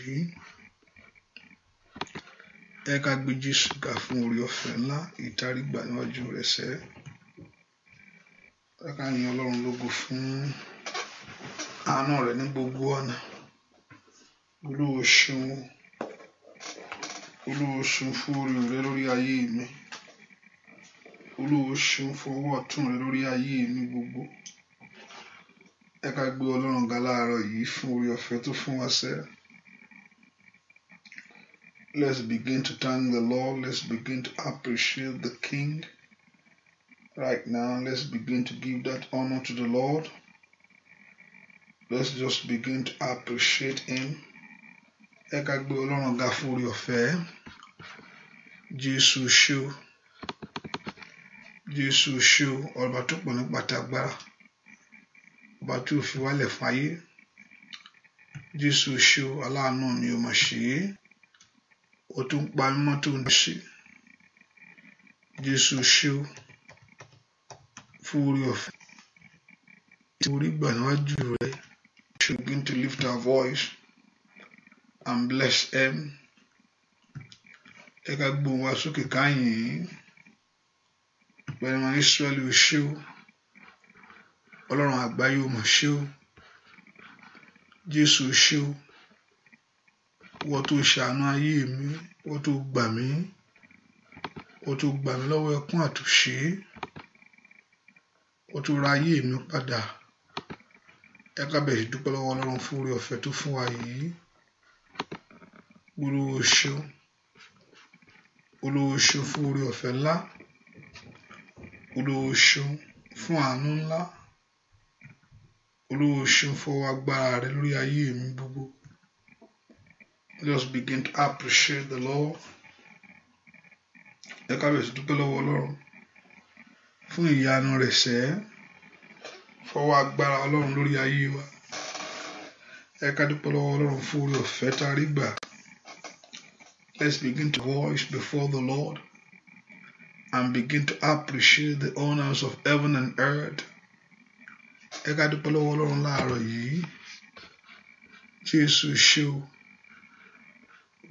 yìí ẹ ká gbé Jésù ga fún orí ọ̀fẹ́ ńlá ìtarígbà níwájú rẹ̀ sẹ́ ẹ ká yin Ọlọ́run lógo fún àánú rẹ̀ ní gbogbo ọ̀nà Olúwa ṣeun Olúwa ṣeun fún orí rẹ̀ lórí ayé mi Olúwa ṣeun fún ọwọ́ ọ̀tún rẹ̀ lórí ayé mi gbogbo ẹ ká gbé Ọlọ́run ga láàárọ̀ yìí fún orí ọ̀fẹ́ tó fún wa sẹ́ẹ́. Let's begin to thank the Lord. Let's begin to appreciate the King. Right now, let's begin to give that honor to the Lord. Let's just begin to appreciate Him. Ẹ ká gbé Ọlọ́run ga fún orí ọ̀fẹ́. Jésù ṣó. Jésù ṣó ọba tó pọ̀ nípa tagbára. Ọba tó fi wálẹ̀ fáyé. Jésù ṣó aláàánú mi ò mà ṣe ó tún pa mímọ́ tó ń ṣe jésù ṣéu fún orí ọ̀fẹ́ she begin to lift her voice and bless him ẹ ká gbóhùn wá sókè káyìn pẹ̀lú àwọn Ísírẹ́lì ò ṣé o ọlọ́run àgbáyé ò mọ̀ ṣé jésù ò ṣé ìwọ tó ṣàánú ayé mi ìwọ tó gbà mí ìwọ tó gbà mí lọ́wọ́ ẹkún àtúnṣe ìwọ tó ra ayé mi padà ẹ kábẹ̀ sí dúpẹ́ lọ́wọ́ ọlọ́run fún orí ọ̀fẹ́ tó fún wa yìí olówó ṣeun olówó ṣeun fún orí ọ̀fẹ́ ńlá olówó ṣeun fún àánú ńlá olówó ṣeun fún ọwọ́ agbára rẹ lórí ayé mi gbogbo. let us begin to appreciate the Lord ẹ kábíyèsí dúpẹ́ lọ́wọ́ Ọlọ́run fún ìyanu rẹ̀ sẹ́ fọwọ́ agbára Ọlọ́run lórí ayé wa ẹ ká dúpẹ́ lọ́wọ́ Ọlọ́run fún orí ọ̀fẹ́ tá a rí gbà let's begin to voice before the Lord and begin to appreciate the owners of heaven and earth ẹ ká dúpẹ́ lọ́wọ́ Ọlọ́run láàárọ̀ yìí Jésù ṣe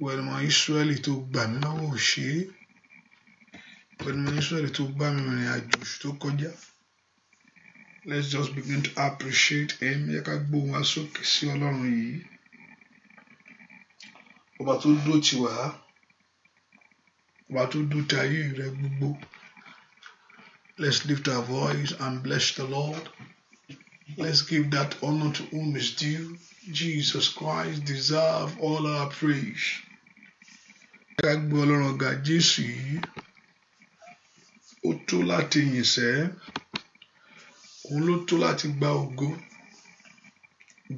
wẹ̀rẹ̀mọ̀ Ísírẹ́lì tó gbà mí lọ́wọ́ òṣèré wẹ̀rẹ̀mọ̀ Ísírẹ́lì tó bá mi rìnrìn àjò oṣù tó kọjá let's just begin to appreciate him yẹ ká gbóhùn wá sókè sí Ọlọ́run yìí ọba tó dúró tì wá ọba tó dúró tayé rẹ gbogbo let's lift our voice and bless the Lord. Let's give that honor to whom is due. Jesus Christ deserve all our praise. Ká gbé Ọlọ́run ga Jésù yìí, ó tó láti yìn sẹ́, òun ló tó láti gba ògo.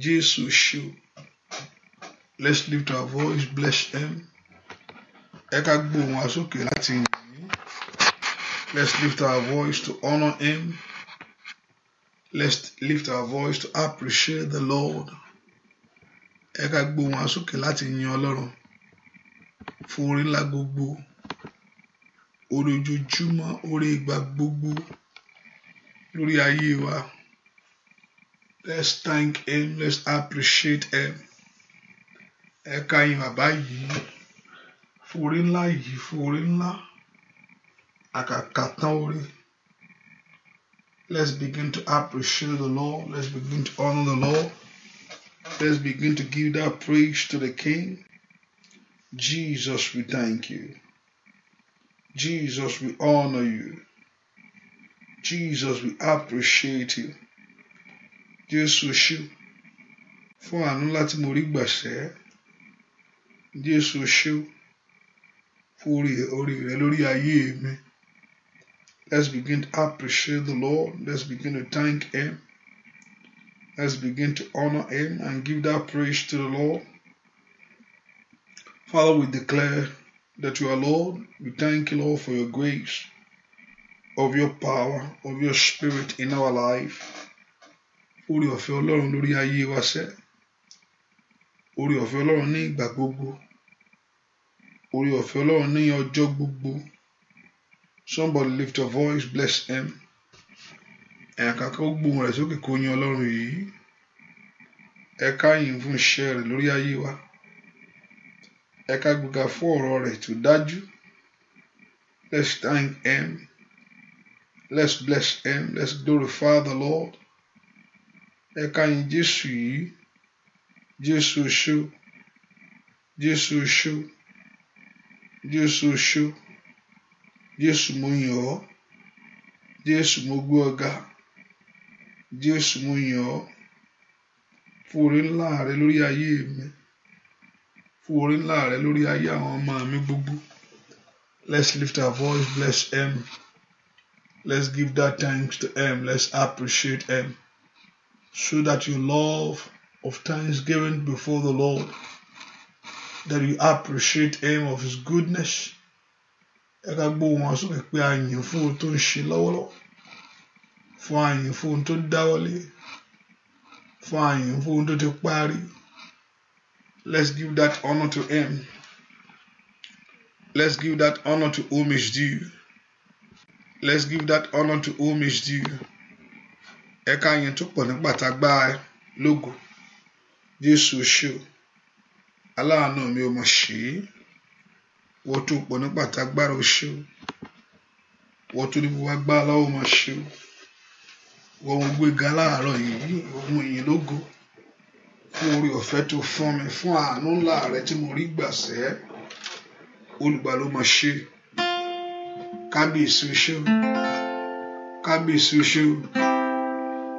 Jésù ṣe Let's lift our voice, bless them. Ẹ ká gbé ohùn wa láti yìn. Let's lift our voice to honour him. Let's lift our voice to appreciate the Lord. Ẹ ká gbóhùn asókè láti yin Ọlọ́run fún orí ńlá gbogbo, orí ojoojúmọ́, orí ìgbà gbogbo lórí ayé wa. Let's thank him, let's appreciate him. Ẹ ká yin bàbá yìí fún orí ńlá yìí fún orí ńlá àkàkà tán orí. Let's begin to appreciate the Lord. Let's begin to honor the Lord. Let's begin to give that praise to the King. Jesus, we thank you. Jesus, we honor you. Jesus, we appreciate you. Jésù ṣe fún àánú láti mo Jesus, gbàṣẹ́. Jésù ṣe fún orí rẹ lórí ayé mi. Let's begin to appreciate the Lord. Let's begin to thank Him. Let's begin to honor Him and give that praise to the Lord. Father, we declare that you are Lord. We thank you, Lord, for your grace, of your power, of your spirit in our life. Orí ọ̀fẹ́ Ọlọ́run lórí ayé wa sẹ́. Orí ọ̀fẹ́ Ọlọ́run ní ìgbà gbogbo. Orí ọ̀fẹ́ Ọlọ́run ní ọjọ́ gbogbo. somebody lift your voice bless him ẹ̀ka kó gbóhùn rẹ̀ sókè kó yìn ọlọ́run yìí ẹ̀ka yìn fún iṣẹ́ rẹ̀ lórí ayé wa ẹ̀ka gbéga fún ọ̀rọ̀ rẹ̀ tó dájú let's thank him let's bless him let's glorify the Lord ẹ̀ka yìn Jésù yìí Jésù ṣó Jésù ṣó Jésù ṣó. jésù mo yàn ọ́ jésù mo gbé ọ ga jésù mo yàn ọ́ ńlá rẹ lórí ayé mi ńlá rẹ lórí ayé àwọn ọmọ mi gbogbo let's lift our voice bless him let's give that thanks to him let's appreciate him so that your love of thanksgiving before the Lord that you appreciate him of his goodness ẹ ká wọn sókè pé a yìn fún ohun tó ń ṣe lọ́wọ́lọ́wọ́ fún a fún ohun tó dáwọ́lé fún a fún ohun tó ti parí let's give that honour to him let's give that honour to whom is due let's give that honour to whom is due ẹ ká yìn tó pọ̀ nígbà tá a gbá lógo Jésù ṣe o aláàánú mi ò mọ̀ ṣe é wọ́n tó pọ̀ nípa tágbára o ṣe o wọ́n tó ní gbogbo agbára láwọn máa ṣe o wọ́n ń gbéga láàárọ̀ yìí ohun ìyìn lógo fún orí ọ̀fẹ́ tó fún mi fún àánú ńlá rẹ tí mo rí gbàṣẹ́ olùgbà ló máa ṣe kábíyèsí o o kábíyèsí o o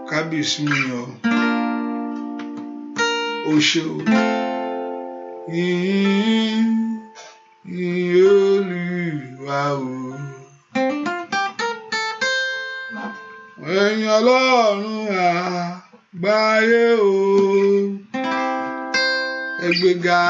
kábíyèsí mi o ṣe o yìnyín ni Olúwa o. Ẹ̀yin Ọlọ́run àgbáyé o. Ẹ gbéga.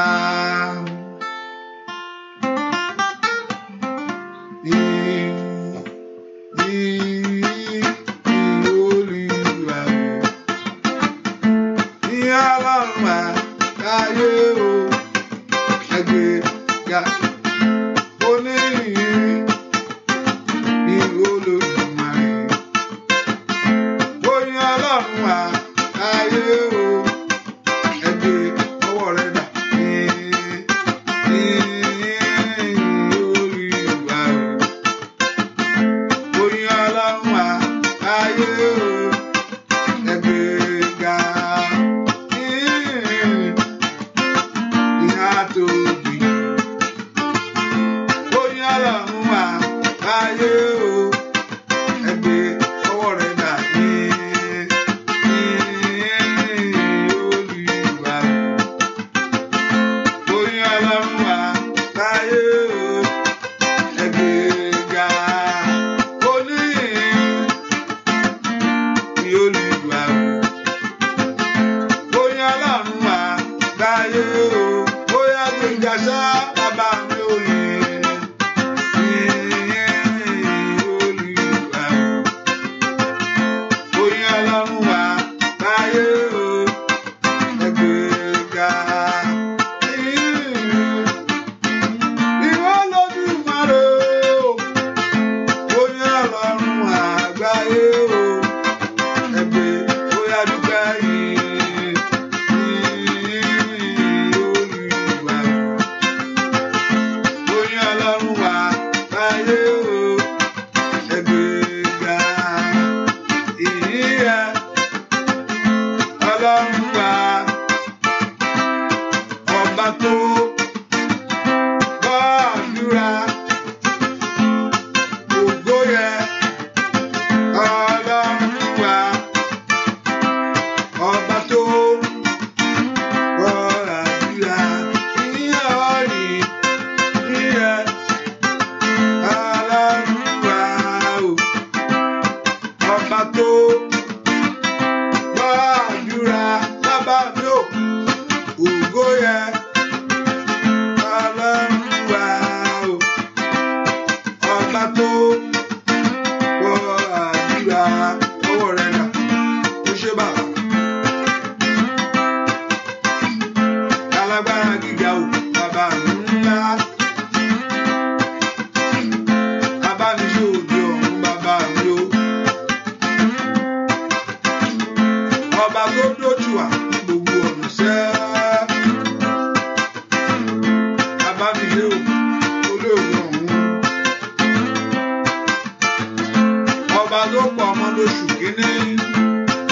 tó pọ̀ ọmọ lóṣù kínní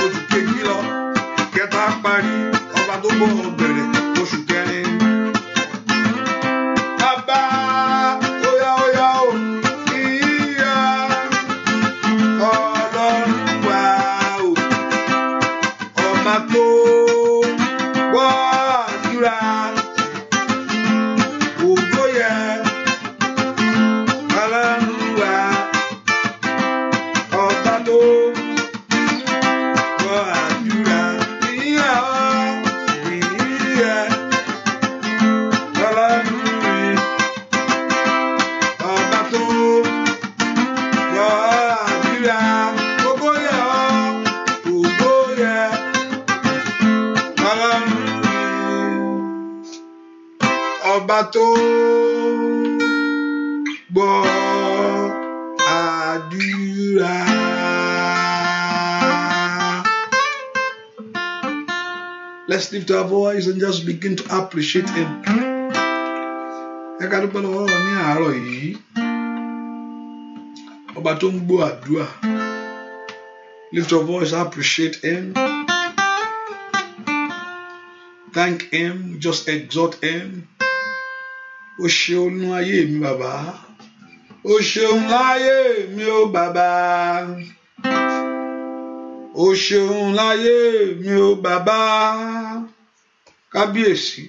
oṣù kejì lọ ìkẹta parí ọba tó bọ̀ ọgbẹ́. lift our voice and just begin to appreciate him. ẹ ká dúpẹ́ lọ́wọ́ ọ̀rọ̀ ní àárọ̀ yìí ọba tó ń gbọ́ àdúrà lift your voice appreciate him thank him just exhort him o ṣeun nú ayé mi bàbá o ṣeun láyé mi ó bàbá o ṣeun láyé mi ó bàbá kábíyèsí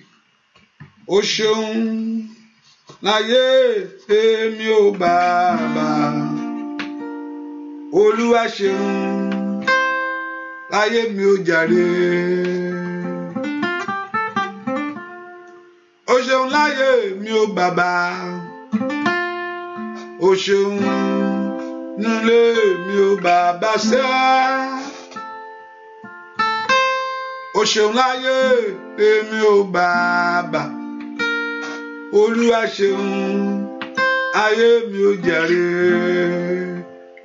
o ṣeun láyé èmi ò bàbá olúwa ṣeun láyé mi ò jàre. o ṣeun láyé mi ò bàbá o ṣeun nílé mi ò bàbá sẹ́ẹ́ o ṣeun láyé èmi ò bàbà olúwa ṣeun ayé mi ò jàre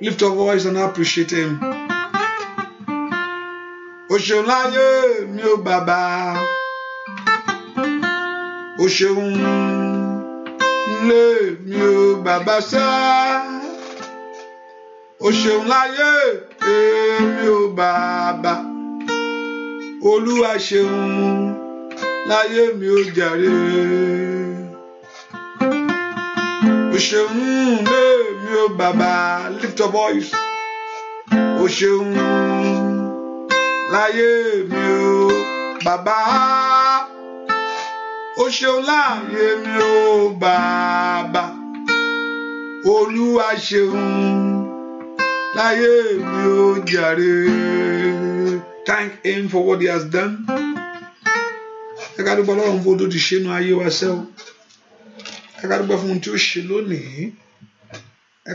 lift your voice and appreciate him. o ṣeun láyé mi ò bàbà o ṣeun lé mi ò bàbà sá o ṣeun láyé èmi ò bàbà olúwa ṣeun láyé mi ó jàre o ṣeun léèmi ó bàbá lift your voice o ṣeun láyé mi ó bàbá o ṣeun láyé mi ó bàbá olúwa ṣeun láyé mi ó jàre. Thank Him for what He has done. Ẹ ká tó ti ṣe nu ayé wa sẹ́ o. Ẹ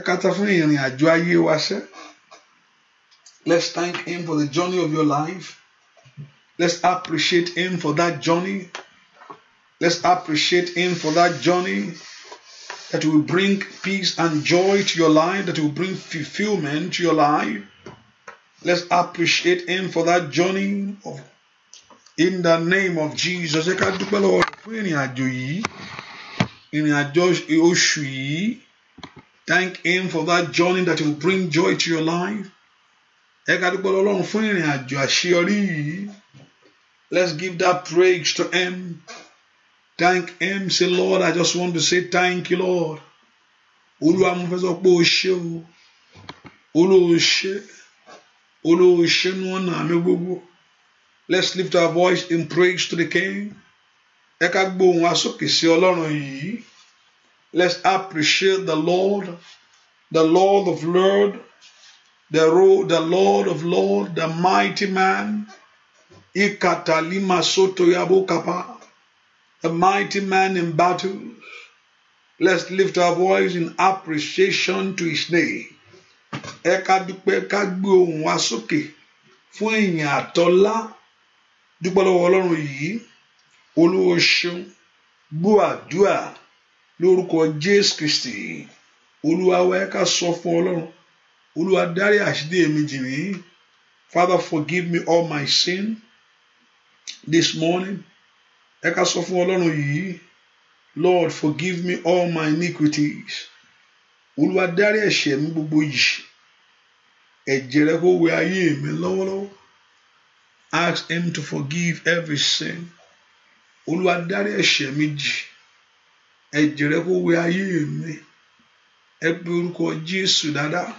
ká let Let's thank Him for the journey of your life. Let's appreciate Him for that journey. Let's appreciate Him for that journey that will bring peace and joy to your life, that will bring fulfillment to your life. Let's appreciate him for that journey of, in the name of Jesus. Ẹ ká dúpẹ́ lọ́wọ́ rẹ̀ fún ìrìn àjò yìí, ìrìn àjò oṣù yìí. Thank him for that journey that will bring joy to your life. Ẹ ká dúpẹ́ lọ́wọ́ Ọlọ́run fún ìrìn àjò àṣeyọrí yìí. Let's give that praise to him. Thank him. Say, Lord, I just want to say thank you, Lord. Olúwa mo fẹ́ sọ pé o ṣé o. Olúwa o ṣé let's lift our voice in praise to the king let's appreciate the lord the lord of lord the, the lord of lord the mighty man the mighty man in battles let's lift our voice in appreciation to his name ẹ ká dúpẹ́ ká gbé ohùn wa sókè fún ìyìn àtọlá dúpẹ́ lọ́wọ́ Ọlọ́run yìí olówó ṣeun gbọ́ àdúà lórúkọ Jésù Kristi olúwa ẹ ká sọ fún Ọlọ́run olúwa dárí àṣìdí èmi jì mí Father forgive me all my sin this morning ẹ ká sọ fún Ọlọ́run yìí Lord forgive me all my iniquities olúwa ẹ̀ṣẹ̀ mi gbogbo yìí ẹ̀jẹ̀ rẹ kó wẹ ayé mi lọ́wọ́lọ́wọ́ ask him to forgive every sin olúwa ẹ̀ṣẹ̀ mi jì ẹ̀jẹ̀ rẹ kó wẹ ayé mi ẹ pe orúkọ jésù dáadáa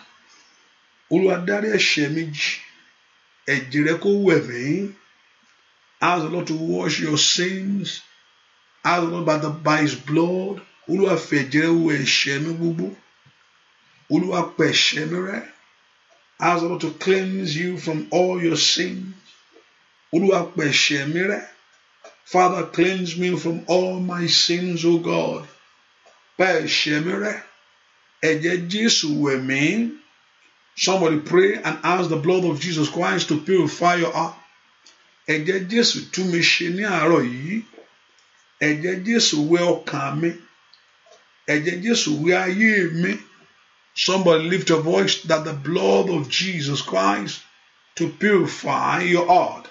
olúwa ẹ̀ṣẹ̀ mi jì ẹ̀jẹ̀ rẹ kó wẹ̀ mí ask the Lord to wash your sins ask the Lord by, the, by his blood olúwa fẹ̀jẹ̀ rẹ wẹ̀ ẹ̀ṣẹ̀ mi gbogbo. Olúwa pẹ̀ṣẹ̀ Ask the Lord to cleanse you from all your sins. Olúwa pẹ̀ṣẹ̀ Father, cleanse me from all my sins, O God. Pẹ̀ṣẹ̀ mi Ẹ̀jẹ̀ Jésù weme. Somebody pray and ask the blood of Jesus Christ to purify your heart. Ẹ̀jẹ̀ Jésù tún mi ní àárọ̀ yìí. Ẹ̀jẹ̀ Jésù wẹ̀ ọkàn Ẹ̀jẹ̀ Jésù wẹ̀ ayé Somebody lift your voice that the blood of Jesus Christ to purify your heart,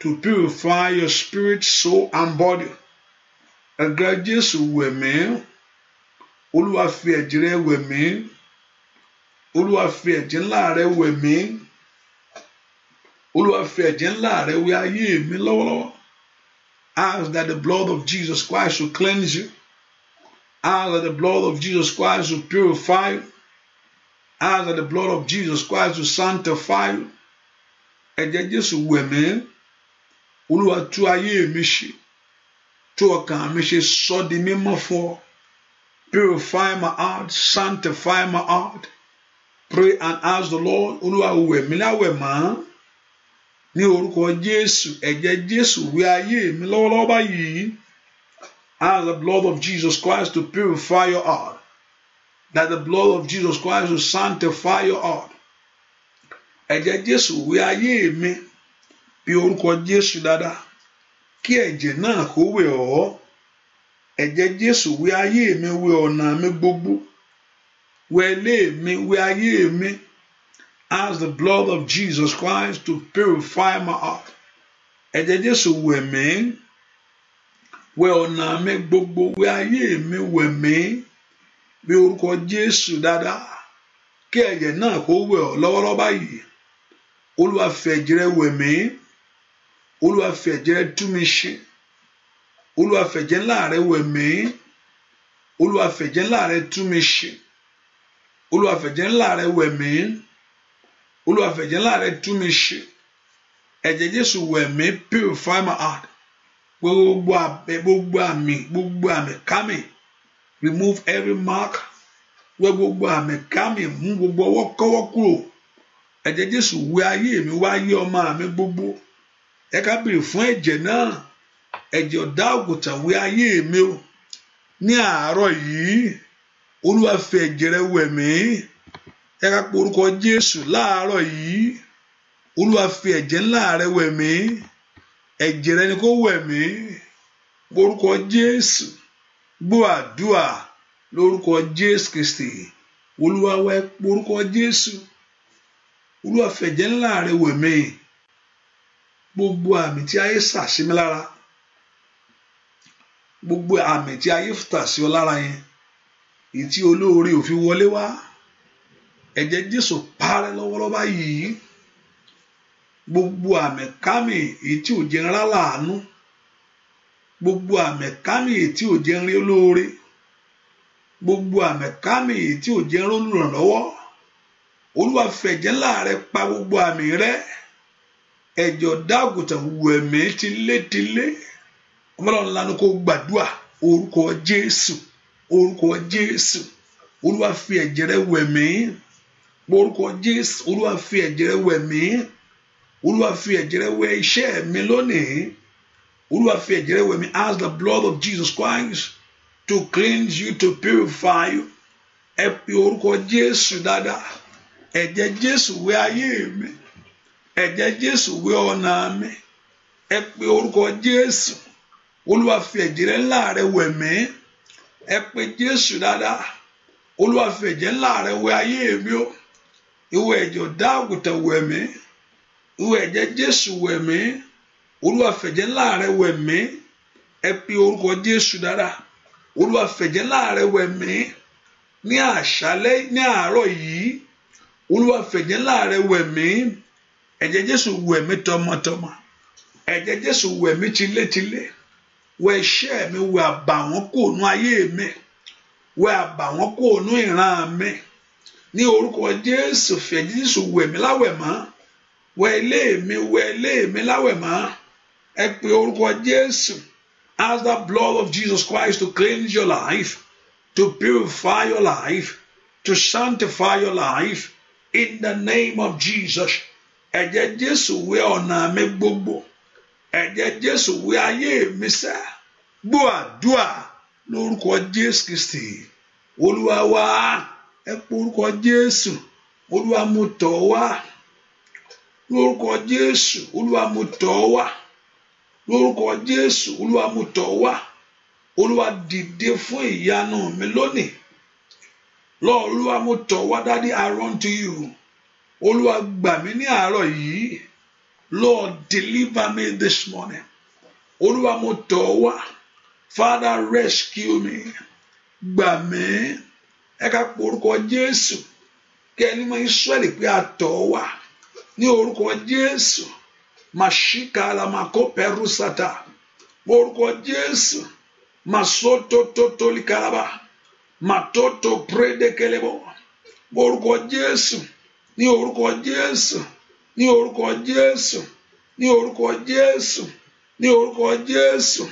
to purify your spirit, soul, and body. Ẹgbẹ́ Jésù wẹ̀ mí, Olúwa fi ẹ̀jẹ̀ rẹ̀ wẹ̀ mí, Olúwa fi ẹ̀jẹ̀ ńlá rẹ̀ wẹ̀ mí, Olúwa fi ẹ̀jẹ̀ ńlá rẹ̀ wẹ̀ ayé mi oluwa fi eje women, we mi oluwa fi eje nla re we mi oluwa fi eje nla re Ask that the blood of Jesus Christ will cleanse you. Ask that the blood of Jesus Christ to purify you. Ask the blood of Jesus Christ to sanctify you. Ẹ̀jẹ̀ Jésù wẹ̀ mí. Olúwa tú ayé mi ṣe. Tú ọkàn mi ṣe sọ di mímọ́ fún ọ. Purify my heart, sanctify my heart. Pray and ask the Lord, Olúwa wẹ̀ mí láwẹ̀ mọ́. Ní orúkọ Jésù, ẹ̀jẹ̀ Jésù wẹ̀ ayé mi lọ́wọ́lọ́wọ́ báyìí. Ask the blood of Jesus Christ to purify your heart. That the blood of Jesus Christ will sanctify your heart. Ẹ̀jẹ̀ Jésù wẹ ayé mi bí orúkọ Jésù dáadáa. Kí ẹ̀jẹ̀ náà kó wẹ̀ ọ́. Ẹ̀jẹ̀ Jésù wẹ ayé mi wẹ ọ̀nà mi gbogbo. Wẹ ilé mi wẹ ayé mi. Ask the blood of Jesus Christ to purify my heart. Ẹ̀jẹ̀ Jésù wẹ̀ mí wẹ ọ̀nà mi gbogbo wẹ ayé mi wẹ̀ mí bí orúkọ Jésù dáadáa kí ẹ̀jẹ̀ náà kó wẹ̀ ọ́ lọ́wọ́lọ́wọ́ báyìí Olúwa fi ẹ̀jẹ̀ rẹ wẹ̀ mí Olúwa fi ẹ̀jẹ̀ rẹ tú mi ṣe Olúwa fi ẹ̀jẹ̀ ńlá rẹ wẹ̀ mí Olúwa fi ẹ̀jẹ̀ ńlá rẹ tú mi ṣe Olúwa ńlá rẹ wẹ̀ mí Olúwa ńlá rẹ tú mi ṣe ẹ̀jẹ̀ Jésù wẹ̀ mí purify my heart gbogbo abẹ gbogbo àmì gbogbo àmì kámi remove every mark wẹ gbogbo àmì kámi mú gbogbo ọwọ́ kọ́wọ́ kúrò ẹ̀jẹ̀ Jésù wẹ ayé mi wá ayé ọmọ mi gbogbo ẹ ká bèrè fún ẹ̀jẹ̀ náà ẹ̀jẹ̀ ọ̀dá òkùtà wẹ ayé mi o ní àárọ̀ yìí Olúwa fi ẹ̀jẹ̀ rẹ wẹ̀ mí ẹ ká pe orúkọ Jésù láàárọ̀ yìí Olúwa fi ẹ̀jẹ̀ ńlá rẹ wẹ̀ mí ẹ̀jẹ̀ rẹ ni kó wẹ̀ mí orúkọ jésù gbọ́ àdúà lórúkọ jésù kristi olúwa wẹ̀ orúkọ jésù olúwa fẹ̀jẹ̀ ńlá rẹ wẹ̀ mí gbogbo àmì tí ayé sà sí mi lára gbogbo àmì tí ayé fìtà sí ọ lára yẹn èyí olóore òfin wọlé wá ẹ̀jẹ̀ jésù parẹ́ lọ́wọ́lọ́wọ́ báyìí gbogbo àmẹ̀kámì èyí tí ò jẹ́ ńlá làánú gbogbo àmẹ̀kámì èyí tí ò jẹ́ ńlẹ́ olóore gbogbo àmẹ̀kámì èyí tí ò jẹ́ ńlẹ́ olùrànlọ́wọ́ olúwa fẹ̀jẹ̀ ńlá rẹ pa gbogbo àmì rẹ ẹ̀jọ̀ dáàgùtàn wẹ̀mí tilétilé ọmọlọ́run lanu kó gbàdúà orúkọ jésù orúkọ jésù olúwa fi ẹ̀jẹ̀ rẹ wẹ̀mí orúkọ jésù olúwa fi ẹ̀jẹ̀ rẹ wẹ̀mí olúwa fi ẹ̀jẹ̀ rẹ wẹ iṣẹ́ mi lónìí olúwa fi ẹ̀jẹ̀ rẹ wẹ mi ask the blood of Jesus Christ to cleanse you to purify you ẹ pe orúkọ Jésù dáadáa ẹ̀jẹ̀ Jésù wẹ ayé mi ẹ̀jẹ̀ Jésù wẹ ọ̀nà mi ẹ pe orúkọ Jésù olúwa fi ẹ̀jẹ̀ rẹ ńlá rẹ wẹ̀ mí ẹ pe Jésù dáadáa olúwa fi ẹ̀jẹ̀ ńlá rẹ wẹ ayé mi o ìwọ ẹ̀jẹ̀ ọ̀dá àgùntàn wẹ̀ mí wíwẹ̀ ẹ̀jẹ̀ Jésù wẹ̀ mí Olúwa fẹ̀jẹ̀ ńlá rẹ wẹ̀ mí ẹ pe orúkọ Jésù dára Olúwa fẹ̀jẹ̀ ńlá rẹ wẹ̀ mí ní àṣálẹ́ ní àárọ̀ yìí Olúwa fẹ̀jẹ̀ ńlá rẹ wẹ̀ mí ẹ̀jẹ̀ Jésù wẹ̀ mí tọmọtọmọ ẹ̀jẹ̀ Jésù wẹ̀ mí tilétilé wẹ̀ ẹ̀ṣẹ̀ mi wẹ̀ àbàwọ́n kò nú ayé mi wẹ̀ àbàwọ́n kò nú ìran mi ní orúkọ Jésù fẹ̀jẹ̀ Jésù wẹ̀ mí wẹ ilé mi wẹ ilé mi láwẹ̀ mọ́ ẹ pè orúkọ Jésù ask the blood of Jesus Christ to cleanse your life to purify your life to sanctify your life in the name of Jesus ẹ̀jẹ̀ Jésù wẹ ọ̀nà mi gbogbo ẹ̀jẹ̀ Jésù wẹ ayé mi sẹ́ gbọ́ àdúrà lórúkọ Jésù Kristi olúwa wá ẹ pè orúkọ Jésù olúwa mo tọ̀ wá lórúkọ jésù olúwa mo tọ̀ ọ́ wá lórúkọ jésù olúwa mo tọ̀ ọ́ wá olúwa dìde fún ìyanu mi lónìí lọ́ọ̀ olúwa mo tọ̀ wá dádì I run to you olúwa gbà mí ní àárọ̀ yìí lord deliver me this morning olúwa mo tọ̀ wá father rescue me gbà mí ẹ ká porúkọ jésù kẹ́ni mọ́ israẹli pé a tọ̀ wá. ní orúkọ jésù màṣíkà àlàmàkó pẹ̀rú sàtà orúkọ jésù màṣótótótólikalaba màtótó pérédékelebọ orúkọ jésù ní orúkọ jésù ní orúkọ jésù ní orúkọ jésù ní orúkọ jésù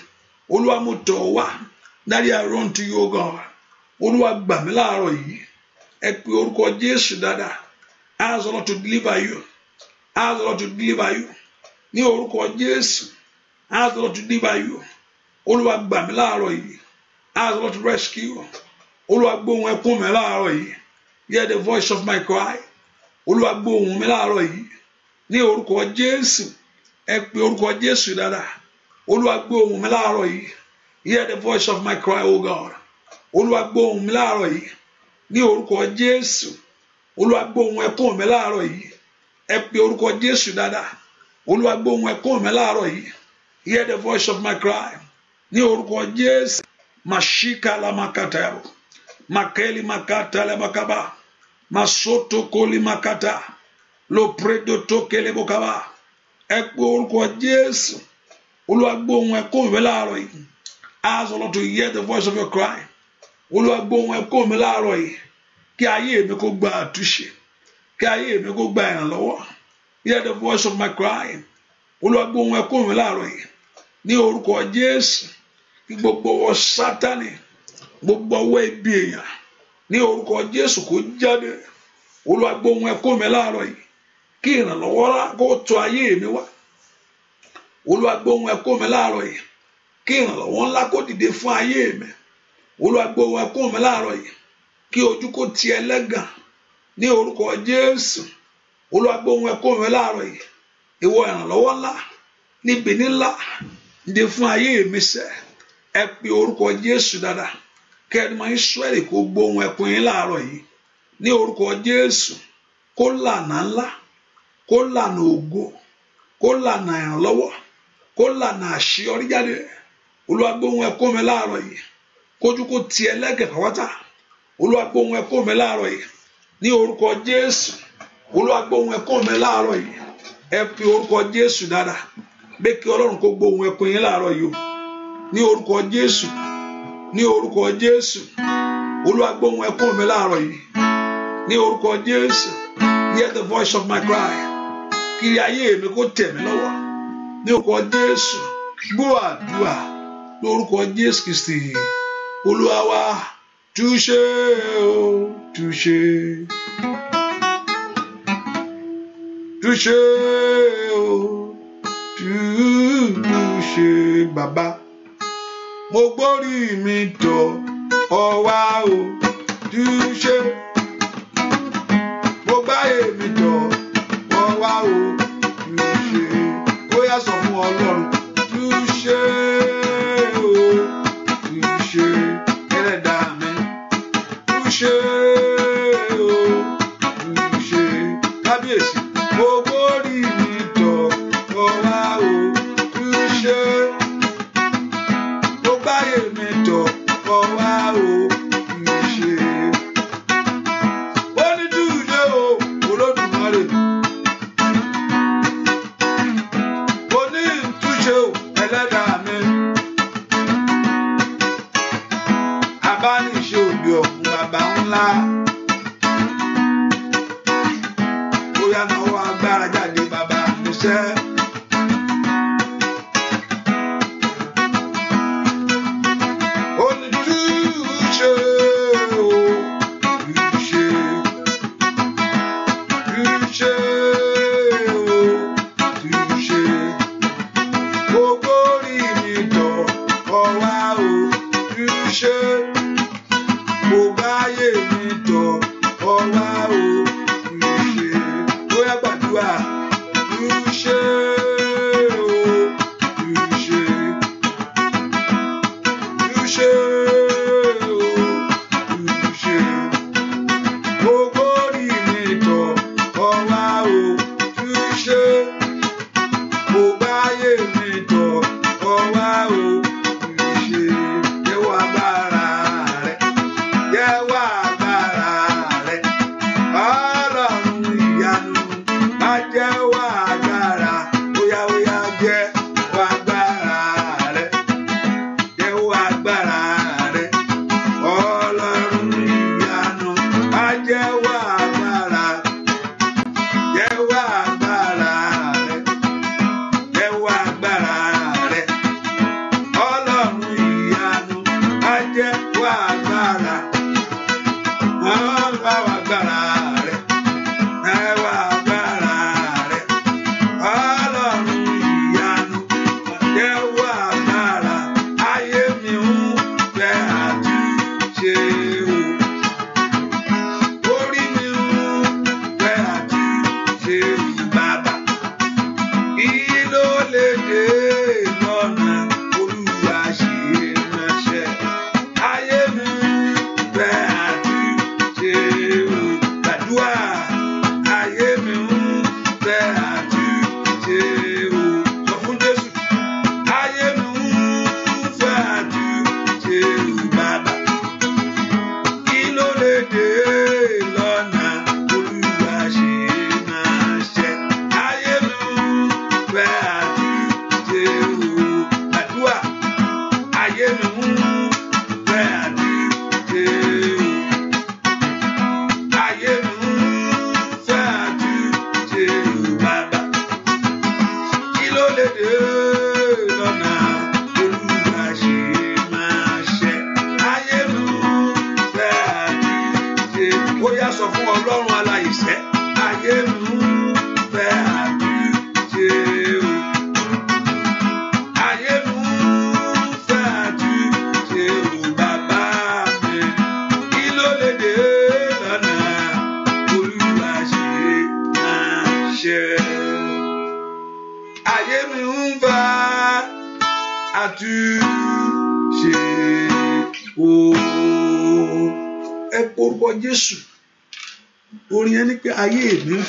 olúwàmútọ wà dárí àrùn tí yóò gàn wá olúwa gbàmílàárọ yìí ẹ pé orúkọ jésù dáadáa àzọrọ tó deliver yóò. Ask the Lord to deliver you. Ní orúkọ Jésù, ask the Lord to deliver you. Olúwa gbà mí láàárọ̀ yìí. Ask the Lord to rescue you. Olúwa gbọ́ ohùn ẹkún mi láàárọ̀ yìí. Hear the voice of my cry. Olúwa gbọ́ ohùn mi láàárọ̀ yìí. Ní orúkọ Jésù, ẹ pe orúkọ Jésù dáadáa. Olúwa gbọ́ ohùn mi láàárọ̀ yìí. Hear the voice of my cry, O God. Olúwa gbọ́ ohùn mi láàárọ̀ yìí. Ní orúkọ Jésù, Olúwa gbọ́ ohùn ẹkún mi láàárọ̀ yìí ẹ pe orúkọ Jésù dáadáa Olúwa gbọ́ ohùn ẹkún mi láàárọ̀ yìí hear the voice of my cry ní orúkọ Jésù màṣíkà lamakata yàrá makeli makata lamakaba masoto koli makata lopredo tokele bokaba ẹ pe orúkọ Jésù Olúwa gbọ́ ohùn ẹkún mi láàárọ̀ yìí ask the Lord to hear the voice of your cry Olúwa gbọ́ ohùn ẹkún mi láàárọ̀ yìí kí ayé mi kó gba àtúnṣe. kí ayé mi kó gba ìrànlọ́wọ́ hear the voice of my cry mi láàárọ̀ yìí ní orúkọ Jésù kí gbogbo ọwọ́ gbogbo ọwọ́ ibi èèyàn ní orúkọ Jésù kó jáde mi láàárọ̀ yìí kí ìrànlọ́wọ́ kó tọ̀ ayé wá mi láàárọ̀ yìí kí ìrànlọ́wọ́ ńlá kó dìde fún ayé mi láàárọ̀ yìí kí ojú ti ẹlẹ́gàn ní orúkọ jésù olùwàgbóhun ẹkọ ohun láàárọ̀ yìí ìwọ ìrànlọ́wọ́ ńlá níbi nílá dé fún ayé mi sẹ ẹ pe orúkọ jésù dáadáa kẹrin máa ń sọẹrì kó gbóhun ẹkùn yín láàárọ̀ yìí ní orúkọ jésù kó lànà ńlá kó lànà ògo kó lànà ìrànlọ́wọ́ kó lànà ẹkọ yìí kójú kó tiẹ̀ ní orúkọ jésù olúwagbó ohun ẹkún mi láàárọ̀ yìí ẹ pe orúkọ jésù dáadáa bẹ́ẹ̀ kí ọlọ́run kó gbọ́ ohun ẹkún yín láàárọ̀ yìí o ní orúkọ jésù ní orúkọ jésù olúwagbó ohun ẹkún mi láàárọ̀ yìí ní orúkọ jésù hear the voice of my cry kiri ayé mi kó tẹ̀ mí lọ́wọ́ ní orúkọ jésù gbọ́ àdúrà lórúkọ jésù kìsìtì olúwa wa. Touché, oh, touché. Touché, oh, touché, bàbá. Mo gbórí mi tọ̀ ọwá o, touché. Mo gbáyé mi tọ̀ ọwá o, touché. Ó sọ fún Ọlọ́run. ńlá. Ó yá náwó agbára jáde bàbá mo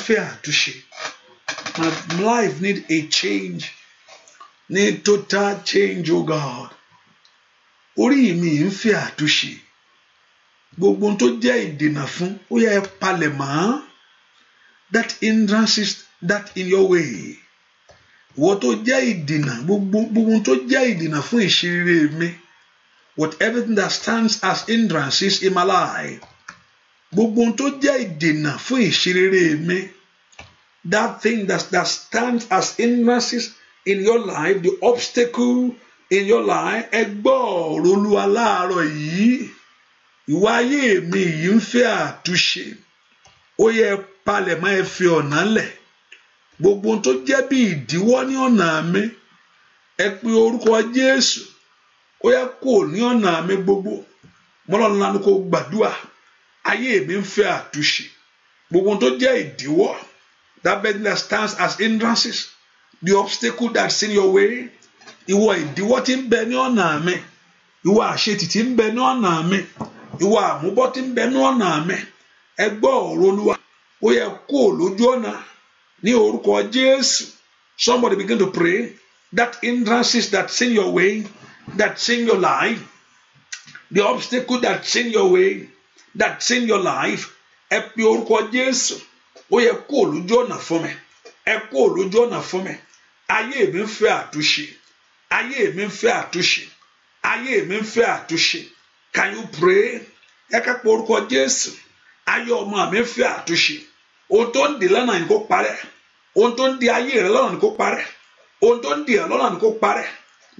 lafiya tushe. My life need a change, need total change, oh God. Orí mi ń fi àtúnṣe. Gbogbo ohun tó jẹ́ ìdènà fún, ó yẹ palẹ̀ mọ́. That hindrances that in your way. Wọ́n tó jẹ́ ìdènà, gbogbo ohun tó jẹ́ ìdènà fún ìṣeré mi. With everything that stands as hindrances in my life gbogbo ohun tó jẹ́ ìdènà fún ìṣerere mi that thing that that stands as hindrances in your life the obstacle in your life ẹ gbọ́ ọ̀rọ̀ olúwa láàárọ̀ yìí ìwà ayé mi yìí ń fẹ́ àtúnṣe ó yẹ palẹ̀mọ́ ẹ fi ọ̀nà lẹ̀ gbogbo ohun tó jẹ́ bí ìdíwọ́ ní ọ̀nà mi ẹ pe orúkọ Jésù ó yẹ kó ní ọ̀nà mi gbogbo mọ́lọ́nù lánàá kó gbàdúrà ayé mi ń fẹ́ àtúnṣe gbogbo tó jẹ́ ìdíwọ́ that bedlam stands as hindrances the obstacle that in your way ìwọ ìdíwọ́ ti ń bẹ ní ọ̀nà mi ìwọ àṣetì ti ń bẹ ní ọ̀nà mi ìwọ àmúbọ́ ti ń bẹ ní ọ̀nà mi ẹ gbọ́ ọ̀rọ̀ olúwa ó yẹ kó o lójú ọ̀nà ní orúkọ jésù somebody begin to pray that hindrances that in your way that in your life the obstacle that in your way. that's in your life ẹ pe orúkọ Jésù ó yẹ kó olójú ọ̀nà fún mi ẹ kó olójú ọ̀nà fún mi ayé mi ń fẹ́ àtúnṣe ayé mi ń fẹ́ àtúnṣe ayé mi ń fẹ́ àtúnṣe can you pray ẹ ká pe orúkọ Jésù ayé ọmọ mi ń fẹ́ àtúnṣe ohun tó ń dè lọ́nà ni kó parẹ́ ohun tó ń di ayé rẹ lọ́nà ni kó parẹ́ ohun tó ń di ẹ̀ lọ́nà ni kó parẹ́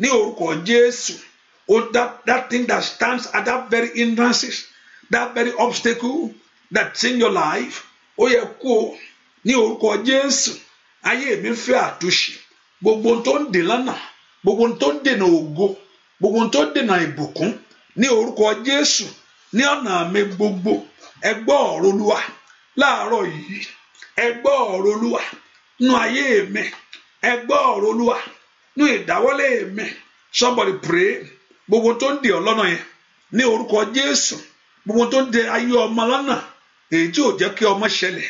ní orúkọ Jésù ohun that that thing that stands at that very hindrances that very obstacle that in your life ó yẹ kó o ní orúkọ Jésù ayé mi fẹ́ àtúnṣe gbogbo tó ń dè lánàá gbogbo tó ń dènà ògo gbogbo tó ń dènà ìbùkún ní orúkọ Jésù ní ọ̀nà mi gbogbo ẹ gbọ́ ọ̀rọ̀ Olúwa láàárọ̀ yìí ẹ gbọ́ ọ̀rọ̀ ayé mi ẹ gbọ́ ọ̀rọ̀ Olúwa nú ìdáwọ́lé mi somebody pray gbogbo tó ń dè ọ́ lọ́nà yẹn ní orúkọ Jésù gbogbo tó ń dẹ ayé ọmọ lọ́nà èyí tí ò jẹ́ kí ọmọ ṣẹlẹ̀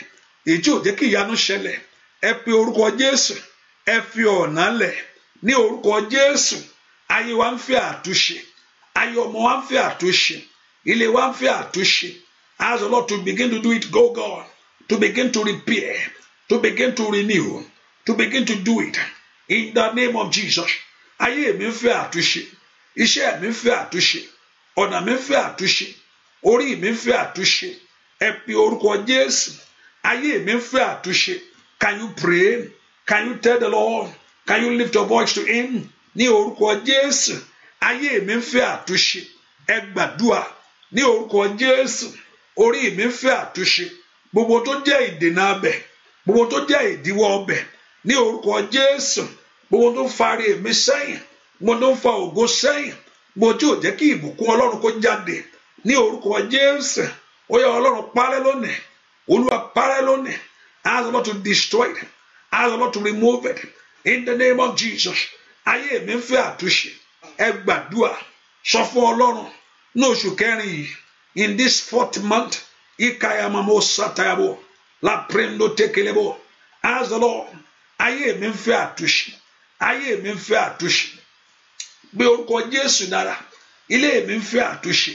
èyí tí ò jẹ́ kí ìyanu ṣẹlẹ̀ ẹ pe orúkọ Jésù ẹ fi ọ̀nà lẹ̀ ní orúkọ Jésù ayé wa ń fẹ́ àtúnṣe ayé ọmọ wa ń fẹ́ àtúnṣe ilé wa ń fẹ́ àtúnṣe ask the Lord to begin to do it go God to begin to repair to begin to renew to begin to do it in the name of Jesus ayé mi ń fẹ́ àtúnṣe iṣẹ́ mi ń fẹ́ àtúnṣe ọ̀nà mi ń fẹ́ àtúnṣe orí mi fẹ́ àtúnṣe ẹ pe orúkọ Jésù ayé mi fẹ́ àtúnṣe can you pray can you tell the Lord can you lift your voice to him ní orúkọ Jésù ayé mi fẹ́ àtúnṣe ẹ gbàdúrà ní orúkọ Jésù orí mi fẹ́ àtúnṣe gbogbo tó jẹ́ ìdènà abẹ gbogbo tó jẹ́ ìdíwọ́ ọbẹ̀ ní orúkọ Jésù gbogbo tó fari èmi sẹ́yìn gbogbo tó fa ògo sẹ́yìn gbogbo tí ò jẹ́ kí ìbùkún Ọlọ́run kó jáde ní orúkọ Jésù ó yẹ ọlọ́run parẹ́ lónìí olúwa parẹ́ lónìí ask the Lord to destroy it ask the Lord to remove it in the name of Jesus ayé mi ń fẹ́ àtúnṣe ẹ gbàdúrà sọ fún ọlọ́run ní oṣù kẹrin yìí in this fourth month ikayamamo satayabo laprendo tekelebo ask the Lord ayé mi ń fẹ́ àtúnṣe ayé mi ń fẹ́ àtúnṣe gbé orúkọ Jésù dára ilé mi ń fẹ́ àtúnṣe.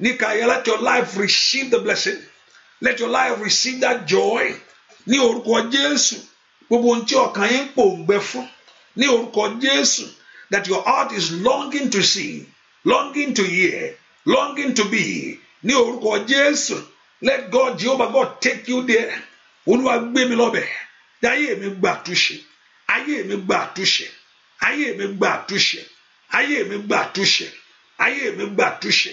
Nikaya, let your life receive the blessing. Let your life receive that joy. Ní orúkọ Jésù, gbogbo ohun tí ọkàn yín pòǹgbẹ fún. Ní orúkọ Jésù, that your heart is longing to see, longing to hear, longing to be. Ní orúkọ Jésù, let God, Jehovah God, take you there. Olúwa gbé mi lọ́bẹ̀. Ayé mi gba àtúnṣe. Ayé mi gba àtúnṣe. Ayé mi gba àtúnṣe. Ayé mi gba àtúnṣe. Ayé mi gba àtúnṣe.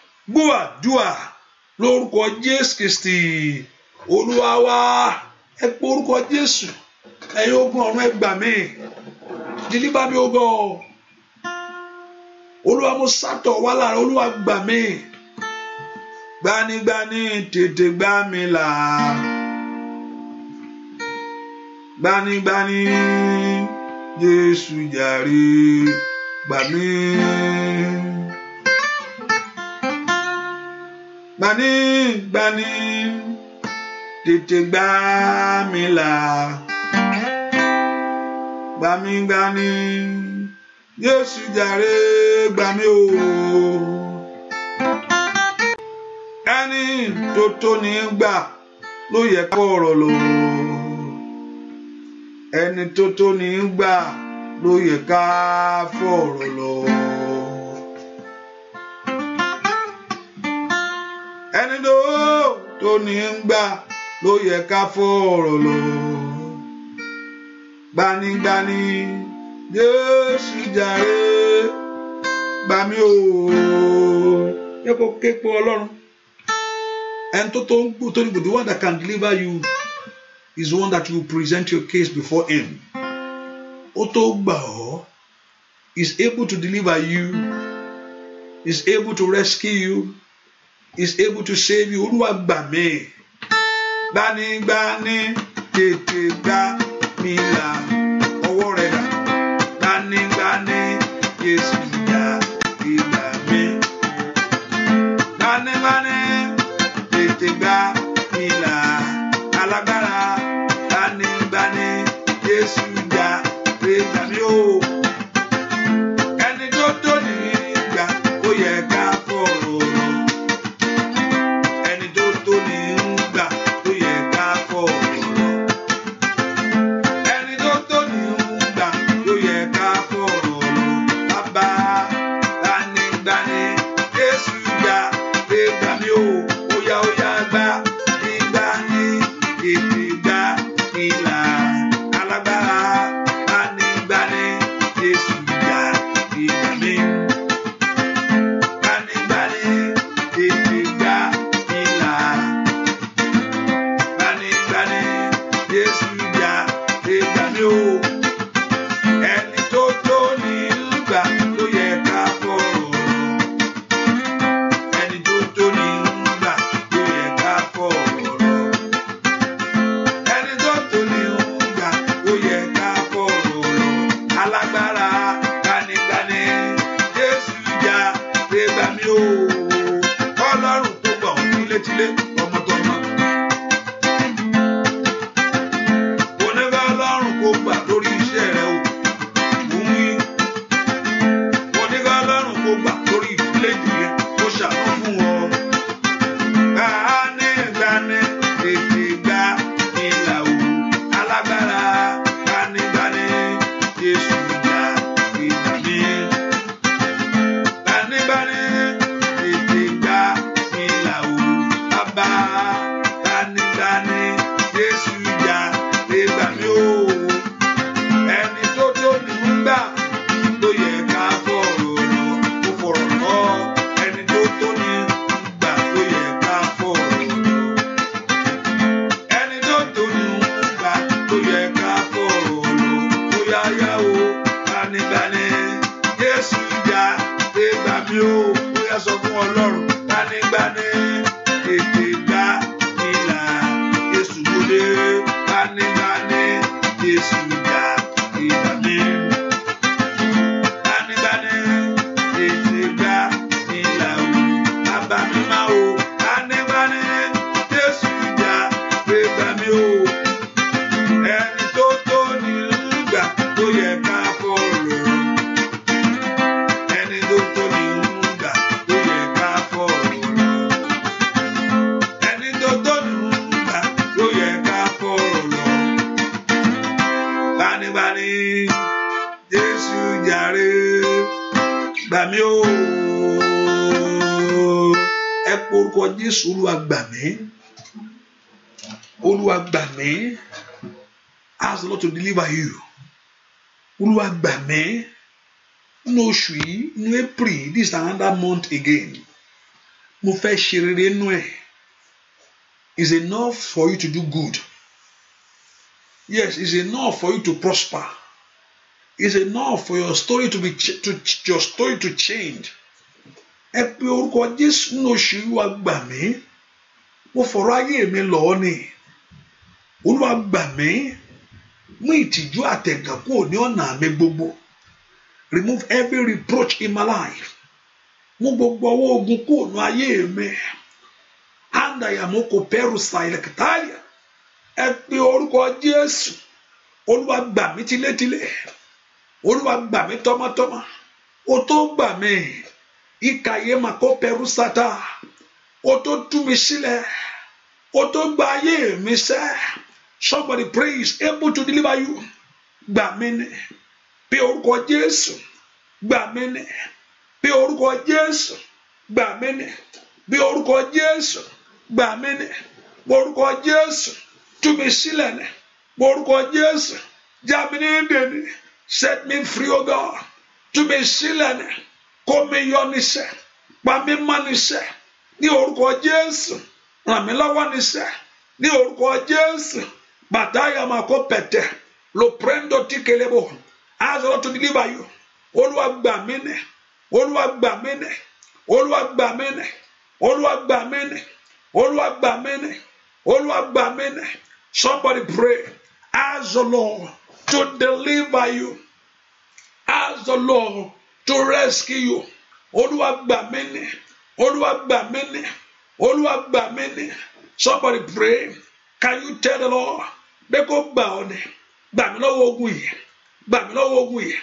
gbọ́ àdúà lórúkọ jésù kristi olúwa wa ẹ pé orúkọ jésù ẹ̀yin ogun ọ̀run ẹ gbà mí deliver me o God olúwa mo sátọ̀ wá lára olúwa gbà mí gbanigbani tètè gbà mí là gbanigbani jésù jàre gbà mí. gbanigbani tètè gbà mí là gbamigbani Jésù jàre gbà mí o ẹni tó tó ní gbà ló yẹ kó ọ̀rọ̀ lò ẹni tó tó ní gbà ló yẹ ká fọ̀rọ̀ lọ. ẹni lówó tó ní ń gbà ló yẹ ká fọ̀rọ̀ lọ. gbanigbani Jésù jàre gbà o yẹ kó Ọlọ́run ẹni tó tó ń gbó tó ní gbòdì one that can deliver you is the one that you present your case before him ó tó gbà ọ́ is able to deliver you is able to rescue you is able to save you olúwa gbà mí gbanigbani tètè gbà mí là ọwọ́ rẹ̀ dà gbanigbani Jésù ìyá ìgbà mí gbanigbani tètè gbà mí là alágbára gbanigbani Jésù ìyá ìgbà mí o. mi o bóyá sọ fún Ọlọ́run tanigbani. ask the Lord to deliver you olúwa gbà mí nínú oṣù yìí nínú april this is another month again mo fẹ́ ṣe rere nínú ẹ̀ is enough for you to do good yes is enough for you to prosper is enough for your story to be to your story to change ẹ pe orúkọ jésù nínú oṣù yìí wá gbà mí mo fọ̀rọ̀ ayé mi lọ́ọ́ ni olúwa mú ìtìjú àtẹ̀gàn kúrò ní ọ̀nà mi gbogbo remove every reproach in my life mú gbogbo ọwọ́ ogun kúrò ní ayé mi anda yamoko perusa ilẹ̀kìtàlẹ̀ ẹ pe orúkọ Jésù olúwa gbà mí tilétilé olúwa gbà mí tọmọtọmọ o tó gbà mí ìkàyé màkó perusa ta o tó tú mi sílẹ̀ o tó gba ayé mi sẹ́ẹ̀. somebody pray is able to deliver you gbà mí ni bí orúkọ Jésù gbà mí ni bí orúkọ Jésù gbà mí ni bí orúkọ Jésù gbà mí ni orúkọ Jésù tú mi sílẹ̀ ni orúkọ Jésù já mi ní dèní set me free o God tú mi sílẹ̀ ni kó mi yọ níṣẹ́ pa mí mọ́ níṣẹ́ ní orúkọ Jésù ràn mí lọ́wọ́ níṣẹ́ ní orúkọ Jésù. Bataya mako pẹ̀tẹ̀ lo prendo ti kelebo. Ask the Lord to deliver you. Olúwa gbà mí nẹ̀. Olúwa gbà mí nẹ̀. Olúwa gbà mí nẹ̀. Olúwa gbà mí nẹ̀. Olúwa gbà mí nẹ̀. Olúwa gbà mí nẹ̀. Somebody pray. Ask the Lord to deliver you. Ask the Lord to rescue you. Olúwa gbà mí nẹ̀. Olúwa gbà mí nẹ̀. Olúwa gbà mí nẹ̀. Somebody pray. Can you tell the Lord? pé kó gbà ọ́ nẹ gbà mí lọ́wọ́ ogun yìí gbà mí lọ́wọ́ ogun yìí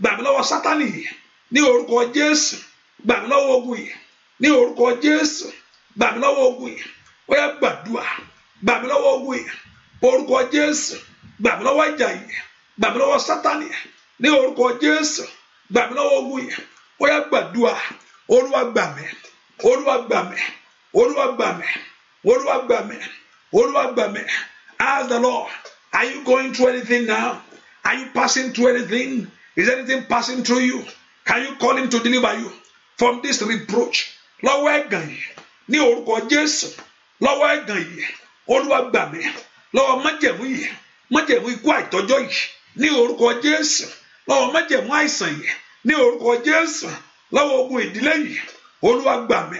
gbà mí lọ́wọ́ sátani yìí ní orúkọ jésù gbà mí lọ́wọ́ ogun yìí ní orúkọ jésù gbà mí lọ́wọ́ ogun yìí ó yá gbàdúrà gbà mí lọ́wọ́ ogun yìí orúkọ jésù gbà mí lọ́wọ́ ìjà yìí gbà mí lọ́wọ́ sátani yìí ní orúkọ jésù gbà mí lọ́wọ́ ogun yìí ó yá gbàdúrà olúwa gbà mí olúwa gbà mí olúwa gbà mí olúwa gbà mí olúwa gbà mí. Ask the Lord, are you going through anything now? Are you passing through anything? Is anything passing through you? Can you call Him to deliver you from this reproach? Lọ́wọ́ ẹ̀gàn yìí ní orúkọ Jésù. Lọ́wọ́ ẹ̀gàn yìí Olúwa gbà mí. Lọ́wọ́ májẹ̀mú yìí májẹ̀mú ikú àìtọ́jọ́ yìí ní orúkọ Jésù. Lọ́wọ́ májẹ̀mú àìsàn yìí ní orúkọ Jésù. Lọ́wọ́ ogun ìdílé yìí Olúwa gbà mí.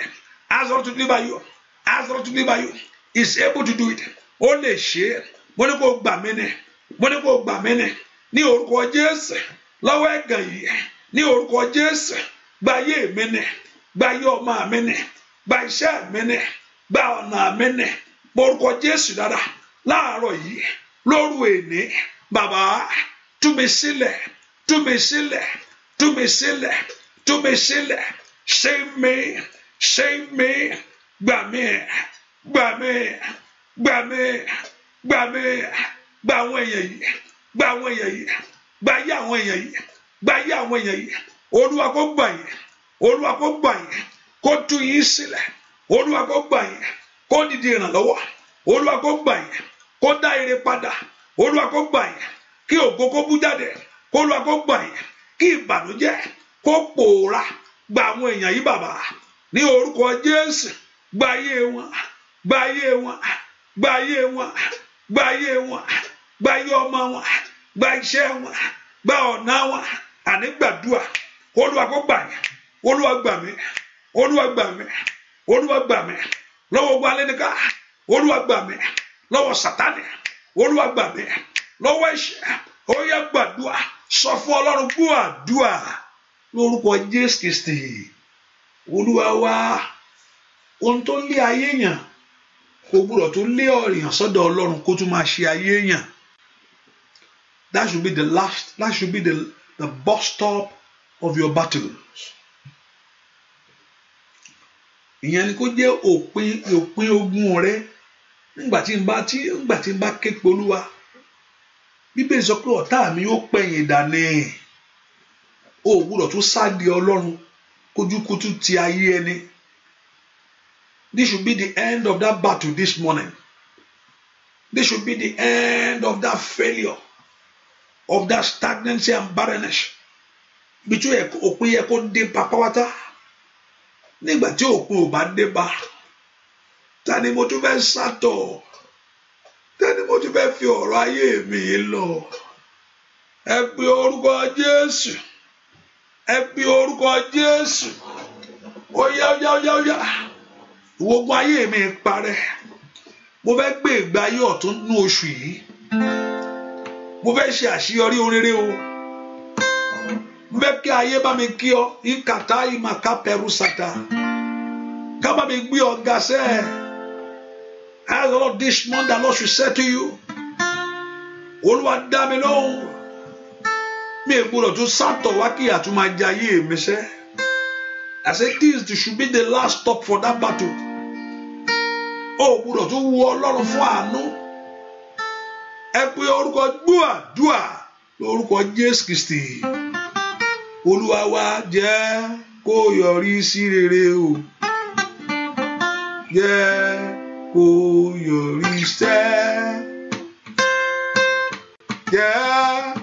Ask God to deliver you. Ask God to deliver you. He is able to do it. ó lè ṣe é mo ní kó gbà mí nì mo ní kó gbà mí ní orúkọ jésù lọwọ ẹ̀gàn yìí ní orúkọ jésù gba ayé mi nì gba ayé ọmọ mi nì gba mi gba jésù yìí lóru gbà mí gbà mí gbà àwọn èèyàn yìí gbà àwọn èèyàn yìí gbà ayé àwọn èèyàn yìí gbà ayé àwọn èèyàn yìí olúwa kó gbà yín olúwa kó gbà yín kó tú yín sílẹ̀ olúwa kó gbà yín kó dìde ìrànlọ́wọ́ olúwa kó gbà yín kó dá ire padà olúwa kó gbà yín kí ògo kó bú jáde kó olúwa kó gbà yín kí ìbànújẹ́ kó pòórá gba àwọn èèyàn yìí bàbá ní orúkọ jésù gba ayé wọn gba ayé wọn gba ayé wọn gba ayé wọn gba ayé ọmọ wọn gba iṣẹ́ wọn gba ọ̀nà wọn àní gbàdúà olúwa kó gbà yẹn olúwa gbà mí olúwa gbà mí olúwa gbà mí lọ́wọ́ gba alẹ́nìká olúwa gbà mí lọ́wọ́ sátánì olúwa gbà mí lọ́wọ́ ẹ̀ṣẹ̀ ó yá gbàdúà sọ fún ọlọ́run gbọ́ àdúà lórúkọ jésù kristi olúwa wa ohun tó ń lé ayé yàn kò gbúdọ̀ tó lé ọ̀rìyàn sọ́dọ̀ ọlọ́run kó tún máa ṣe ayé èèyàn that should be the last that should be the the bus stop of your battles ìyẹn ni kó jẹ́ òpin òpin ogun rẹ nígbà tí n bá tí nígbà tí n bá ké polúwa bíbélì sọ pé ọ̀tá mi ó pẹ̀yìn dàní o gbúdọ̀ tó sáà di ọlọ́run kójú ti ayé ẹni This should be the end of that battle this morning. This should be the end of that failure, of that stagnancy and barrenness. Ibi tí òpin yẹ kó dé pa pátápátá. Nígbà tí òpin ò bá dé bá. Ta ni mo tún fẹ́ sátọ̀? Ta ni mo tún fẹ́ fi ọ̀rọ̀ ayé mi lọ? Ẹ pe orúkọ Jésù. Ẹ pe orúkọ Jésù. Ó yá ó yá ìwọ ogun ayé mi parẹ́ mo fẹ́ gbé ìgbé ayé ọ̀tún nú oṣù yìí mo fẹ́ ṣe àṣeyọrí oréré o mo fẹ́ kí ayé bá mi kí ọ ìkàtà ìmàkà pẹ̀rù sàtà ká bá mi gbé ọ sẹ́ ẹ̀ as the Lord this month the Lord should to you olúwa dá mi lóhùn mi ò gbọdọ̀ tún sátọ̀ wá kí àtúmájà ayé mi sẹ́ I say this should be the last stop for that battle o gbúdọ̀ tó wu ọlọ́run fún àánú ẹ pé orúkọ gbúàdúà lórúkọ jésù kristi olúwa wa jẹ́ kó yọrí sí rere o jẹ́ kó yọrí sẹ́ Yeah.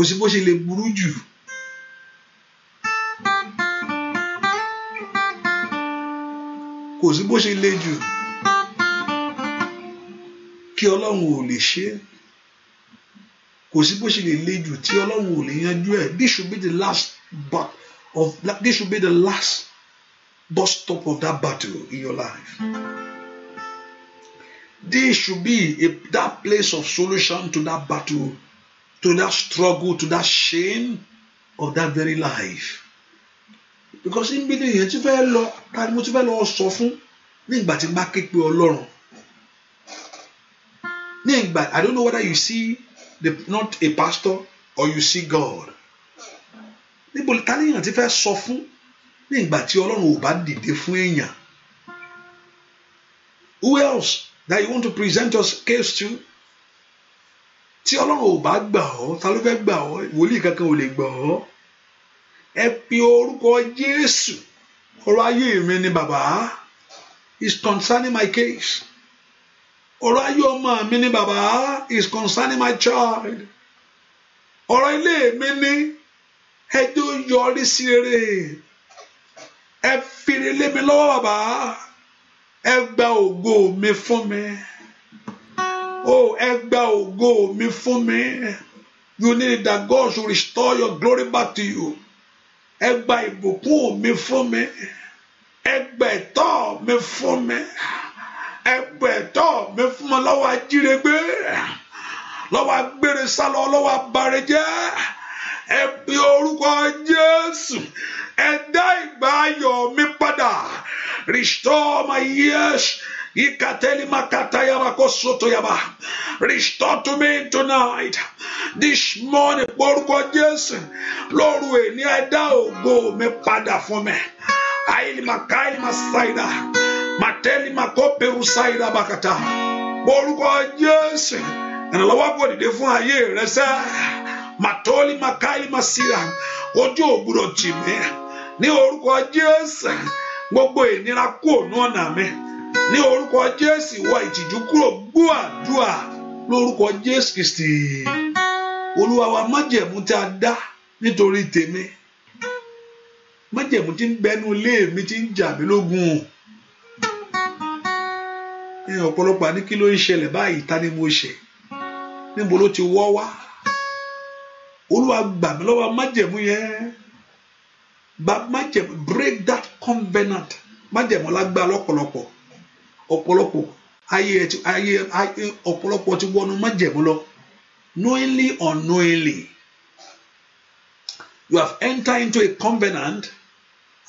kò sí bó ṣe lè burú jù. kò sí bó ṣe le jù kí ọlọ́run ò lè ṣe kò sí bó ṣe lè le jù tí ọlọ́run ò lè yanjú ẹ̀ this should be the last but of this should be the last bus stop of that battle in your life this should be a, that place of solution to that battle to that struggle, to that shame of that very life. Because in between, you ti fẹ́ lọ ta ni mo ti fẹ́ lọ sọ fún ní ìgbà tí n bá ké pe Ọlọ́run. Ní ìgbà I don't know whether you see the, not a pastor or you see God. Níbo ta ni èèyàn ti fẹ́ sọ fún ní ìgbà tí Ọlọ́run ò bá dìde fún èèyàn. Who else that you want to present your case to? tí ọlọ́run ò bá gbà ọ́ ta ló fẹ́ gbà ọ́ wòlíì kankan ò lè gbà ọ́ ẹ pe orúkọ jésù ọ̀rọ̀ ayé mi ni bàbá is concerning my case ọ̀rọ̀ ayé ọmọ mi ni bàbá is concerning my child ọ̀rọ̀ ilé mi ni ẹjọ́ yọrí sí rere ẹ fi lé mi lọ́wọ́ bàbá ẹ gba ògo mi fún mi. Oh, ẹ gba ògo mi fún mi. You need that God should restore your glory back to you. Ẹ gba ìbùkún mi fún mi. Ẹ gba ẹ̀tọ́ mi fún mi. Ẹ gba ẹ̀tọ́ mi fún mi lọ́wọ́ ajírégbé. Lọ́wọ́ agbére sálọ, lọ́wọ́ abarẹjẹ́. Ẹ orúkọ Jésù. Ẹ dá ìgbà ayọ̀ mi padà. Restore my years. Ikateli makataya rakosoto yaba. Restore to me tonight. This morning, orúkọ Jésù, lóru èní ẹ̀dá ògo mi padà fún mi. Àìlì màkàìlì màsáìdà. Màtẹ́lì màkọ́pẹ̀rù sáìdà bàkàtà. Orúkọ Jésù, ìrànlọ́wọ́ kò dìde fún ayé rẹ sẹ́. Màtọ́lì màkàìlì màsíra. Ojú ò gbọdọ̀ tì mí. Ní orúkọ Jésù, gbogbo ìnira kúrò ní ọ̀nà mi ní orúkọ jésù wọ ìtìjú kúrò gbọ́ àdúà lórúkọ jésù kristi olúwa wa májẹ̀mú tí a dá nítorí tèmi májẹ̀mú tí ń bẹnu ilé mi tí ń jà mí lógun ní ọ̀pọ̀lọpọ̀ àní kí ló ń ṣẹlẹ̀ báyìí ta ni mo ṣe níbo ló ti wọ́ wá olúwa gbà mí lọ́wọ́ májẹ̀mú yẹn bá májẹ̀mú break that covenant májẹ̀mú lágbá lọ́pọ̀lọpọ̀ ọ̀pọ̀lọpọ̀ ayé ẹ ti ayé ayé ọ̀pọ̀lọpọ̀ ti wọnú májẹ̀mú lọ knowingly or unknowingly you have entered into a covenant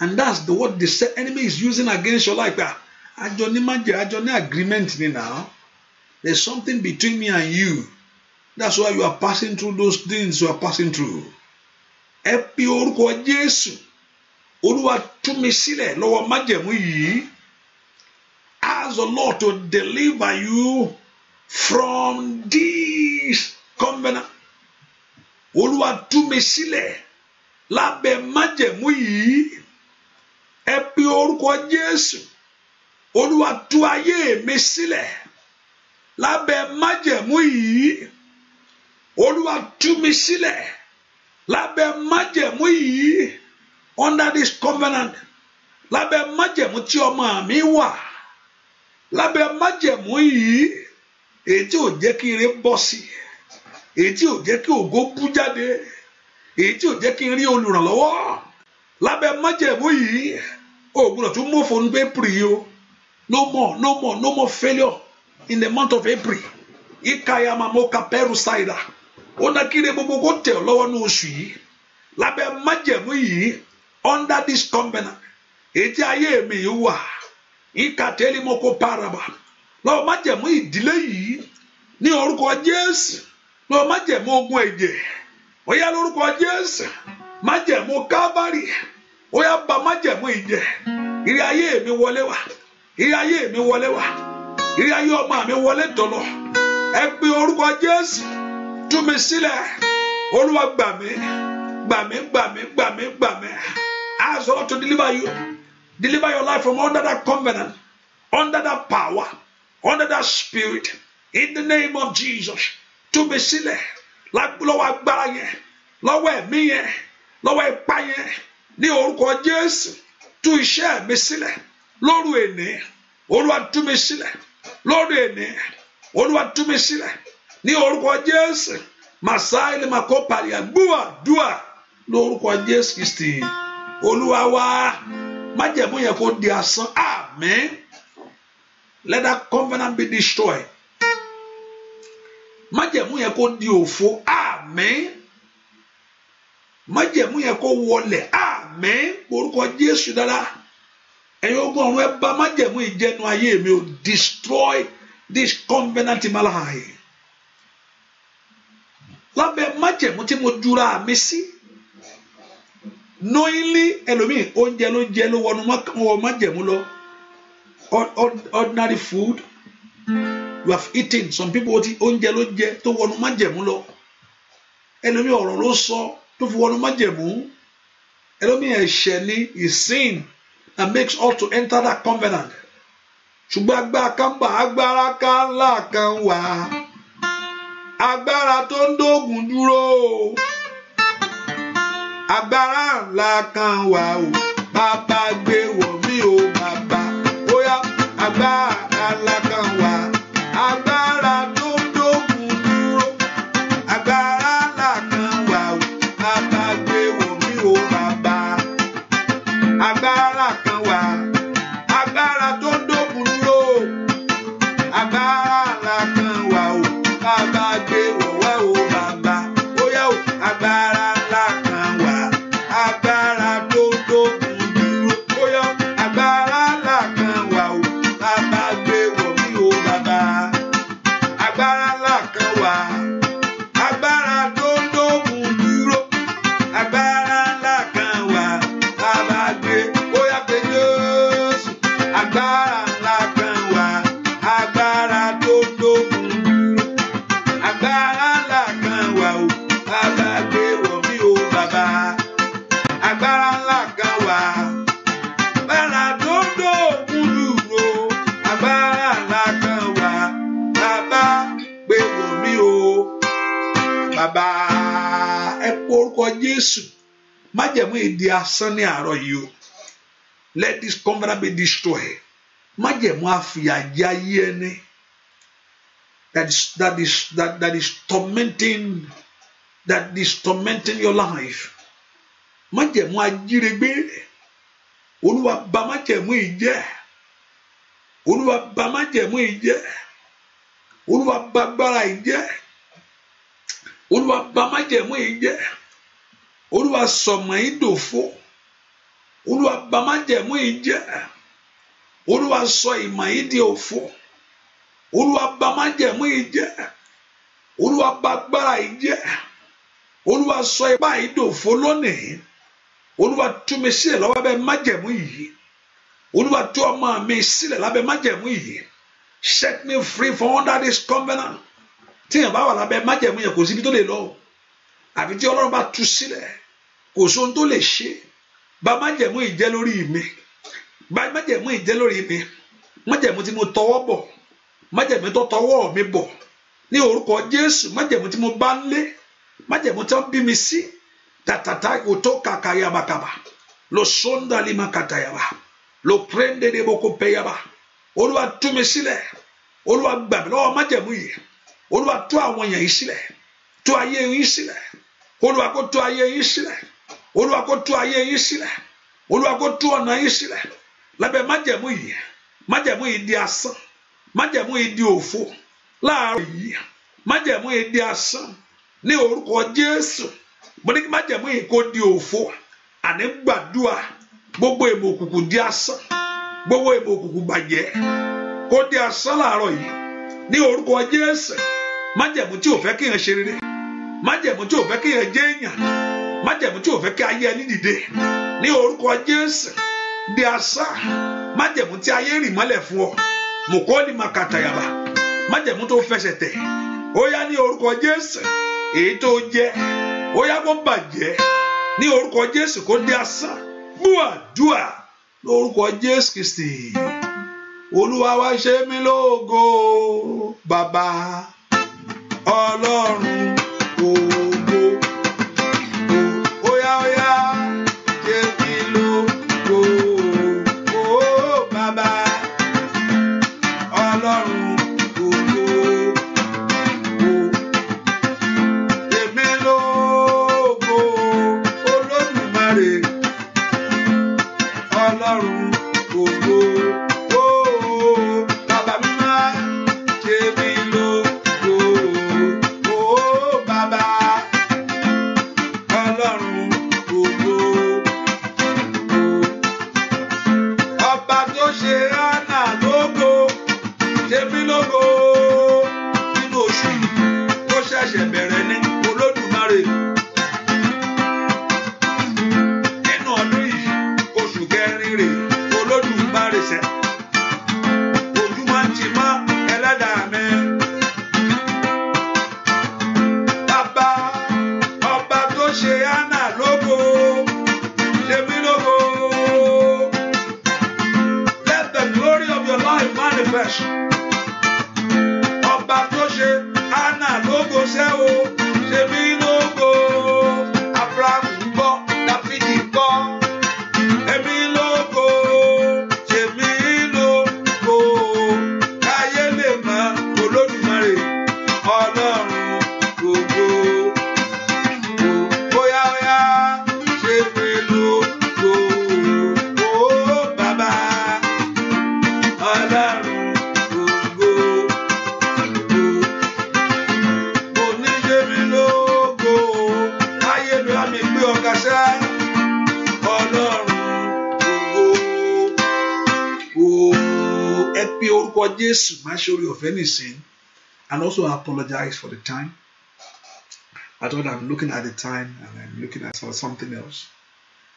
and that's the word the enemy is using against your life àjọ ah, ní májẹ̀ àjọ ní agreement ni now there is something between me and you that's why you are passing through those things you are passing through ẹ pe orúkọ Jésù Olúwa tú mi sílẹ̀ lọ́wọ́ májẹ̀mú yìí ask the Lord to deliver you from this covenant. Olúwa tú mi sílẹ̀ lábẹ́ májẹ̀mú yìí. Ẹ pe orúkọ Jésù. Olúwa tú ayé mi sílẹ̀ lábẹ́ májẹ̀mú yìí. Olúwa tú mi sílẹ̀ lábẹ́ májẹ̀mú yìí. Under this covenant lábẹ́ májẹ̀mú tí ọmọ mi wà lábẹ́ májẹ̀mú yìí èyí tí ò jẹ́ kí ire bọ́ sí èyí tí ò jẹ́ kí ògo bú jáde èyí tí ò jẹ́ kí n rí olùrànlọ́wọ́ lábẹ́ májẹ̀mú yìí ò gbọ́dọ̀ tún mọ́fò ń gbé pìrì o no more no more no more failure in the month of April Ikaya mamoka pẹ́rù ṣáìdà ó ná kí ire gbogbo kó tẹ̀ ọ́ lọ́wọ́ ní oṣù yìí lábẹ́ májẹ̀mú yìí under this covenant èyí tí ayé mi yìí wà. ìkàtẹ́límọ́kó paraba lọ́wọ́ májẹ̀mú ìdílé yìí ní orúkọ jésù lọ́wọ́ májẹ̀mú ogun ẹ̀jẹ̀ ó yá lórúkọ jésù májẹ̀mú kábàrì ó yá ba májẹ̀mú ìjẹ̀ ìrì ayé mi wọlé wá ayé mi wọlé wá ayé ọmọ mi wọlé pe mi to deliver you. Deliver your life from under that covenant, under that power, under that spirit. In the name of Jesus. To be Tú mi sílẹ̀ lọ́wọ́ agbára yẹn, lọ́wọ́ ẹ̀mí yẹn, lọ́wọ́ ipá yẹn. Ní orúkọ Jésù, tú iṣẹ́ mi sílẹ̀ lóru èní. Olúwa tú mi sílẹ̀ lóru èní. Olúwa tú mi sílẹ̀ ní orúkọ Jésù. Màsáìlì Màkópa yẹn gbúwà dúà dua. Jésù Kristi. Olúwa wá. Mm -hmm. májẹ̀mú yẹn kó di asán àmín let that covenant be destroyed májẹ̀mú yẹn kó di òfo àmín májẹ̀mú yẹn kó wọlẹ̀ àmín orúkọ Jésù dára ẹ̀yin ayé mi destroy this covenant in my life tí mo jura mi knowingly ẹlòmíì oúnjẹ ló jẹ ló wọnú wọn má jẹ̀mú lọ ordinary food you have eaten some people oúnjẹ ló jẹ tó wọnú má jẹ̀mú lọ ẹlòmíì ọ̀rọ̀ ló sọ tó fi wọnú má jẹ̀mú ẹlòmíì ẹ̀ṣẹ̀ ni is sin that makes all to enter that covenant ṣùgbọ́n agbára kan bá agbára kan ńlá kan wà agbára tó ń dóògùn dúró agbára ńlá kan wà o bàbá gbé wọ̀ mí o bàbá ó yá agbára ńlá kan. bàbá ẹ pọ orúkọ Jésù májẹ̀mú èdè asán ní àárọ̀ yìí o let this covenant be destroyed májẹ̀mú àfìyàjẹ ayé ẹni that is that is that, that is tormenting that is tormenting your life májẹ̀mú ajírégbé olúwa bà májẹ̀mú yìí jẹ́ olúwa bà májẹ̀mú yìí jẹ́ olúwa bà agbára yìí olúwa bà májẹ̀mú yìí jẹ́ olúwa sọ̀mọ́ yìí dòfo olúwa bà májẹ̀mú yìí jẹ́ olúwa sọ ìmọ̀ yìí di òfo olúwa bà májẹ̀mú yìí jẹ́ olúwa bà agbára yìí jẹ́ olúwa sọ ipá yìí dòfo lónìí olúwa tú mi sílẹ̀ lọ́wọ́ abẹ́ májẹ̀mú yìí olúwa tú ọmọ mi sílẹ̀ lábẹ́ májẹ̀mú yìí set me free from under this covenant téèyàn bá wà lábẹ́ májẹ̀mú yẹn kò síbi tó lè lọ àfi tí ọlọ́run bá tú sílẹ̀ kò sóhun tó lè ṣe bá májẹ̀mú ìjẹ́ lórí mi bá májẹ̀mú ìjẹ́ lórí mi májẹ̀mú tí mo tọwọ́ bọ̀ májẹ̀mú tó tọwọ́ mi bọ̀ ní orúkọ Jésù májẹ̀mú tí mo bá ń lé májẹ̀mú tí wọ́n bí mi sí tàtàtà kò kàkà yabakaba lo sonda lima kàtà yaba lo prende de boko pe yaba olúwa tú mi sílẹ̀ olúwa gbà lọ́wọ́ májẹ̀mú yìí olúwa tú àwọn èèyàn yìí sílẹ̀ tú ayé yín sílẹ̀ olúwa kó tú ayé yín sílẹ̀ olúwa kó tú ayé yín sílẹ̀ olúwa kó tú ọ̀nà yín sílẹ̀ lábẹ́ májẹ̀mú yìí májẹ̀mú yìí di asán májẹ̀mú yìí di òfo láàárọ̀ yìí májẹ̀mú yìí di asán ní orúkọ jésù mo ní kí májẹ̀mú yìí kó di òfo àní gbàdúrà gbogbo èbò òkùnkùn di asán gbogbo èbò òkùnkùn bàjẹ́ kó di asán láàárọ̀ yìí ní orúkọ jésù májẹ̀mú tí ò fẹ́ kéèyàn ṣe rere májẹ̀mú tí ò fẹ́ kéèyàn jẹ́ èèyàn májẹ̀mú tí ò fẹ́ kí ayé ẹni dìde ní orúkọ Jésù di asa, májẹ̀mú tí ayé rì mọ́lẹ̀ fún ọ mùkọ́lì màkàtàyàbà májẹ̀mú tó fẹsẹ̀ tẹ̀ ó yá ní orúkọ Jésù èyí tó jẹ ó yá kó bàjẹ́ ní orúkọ Jésù kó di asá gbúàdúà lórúkọ Jésù Kristi olúwa wá ṣe mí lógo bàbá ọlọ́run òun. luxury of any sin and also apologize for the time. I thought I'm looking at the time and I'm looking at something else.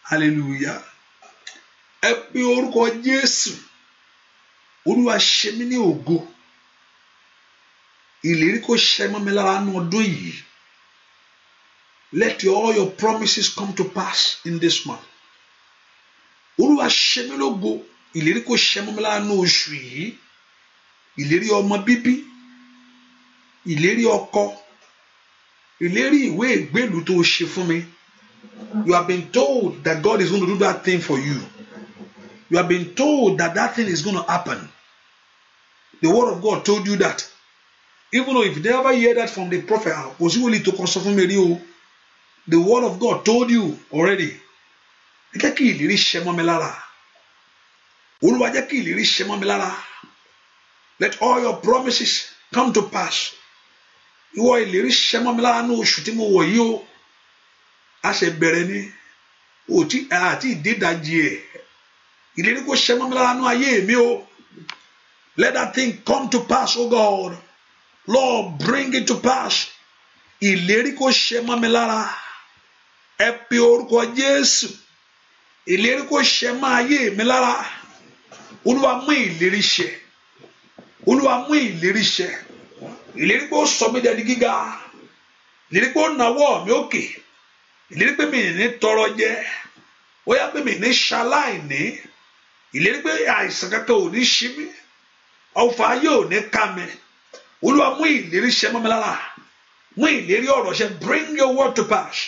Hallelujah. Ẹ pe orúkọ Jésù, Olúwa ṣe mí ní ògo, ìlérí kò ṣẹ mọ́ mi lára ní ọdún yìí. Let all your promises come to pass in this month. Olúwa ṣe mí lógo, ìlérí kò ṣẹ mọ́ mi lára ní oṣù yìí ìlérí ọmọ bíbí ìlérí ọkọ ìlérí ìwé ìgbélú tó ṣe fún mi you have been told that God is going to do that thing for you you have been told that that thing is going to happen the word of God told you that even though if you never hear that from the prophet was sí wòlíì tó kọ sọ fún o the word of God told you already ẹ jẹ́ kí ìlérí ṣẹ mọ́ mi lára olúwa jẹ́ kí ìlérí ṣẹ mọ́ mi lára let all your promises come to pass ìwọ ìlérí ṣẹ mi lára oṣù tí mo wọ̀ yìí o a ṣe bẹ̀rẹ̀ ni àti ìdídajì ẹ̀ ìlérí kò ṣẹ mi lára ayé mi o let that thing come to pass o oh God Lord bring it to pass ìlérí kò ṣẹ mi lára ẹ pe orúkọ Jésù ìlérí kò ṣẹ ayé mi lára olúwa mú ìlérí ṣẹ olúwa mú ìlérí ṣẹ ìlérí pé ó sọ mí dẹni gíga ìlérí pé ó nawọ́ mi òkè ìlérí pé mi ní tọrọ jẹ ó yá pé mi ní ṣaláìní ìlérí pé àìsàn kankan ò ní ṣí mi ọ̀fà ayé ní ká mi olúwa mú ìlérí ṣẹ mọ́ lára mú ìlérí ọ̀rọ̀ ṣẹ bring your word to pass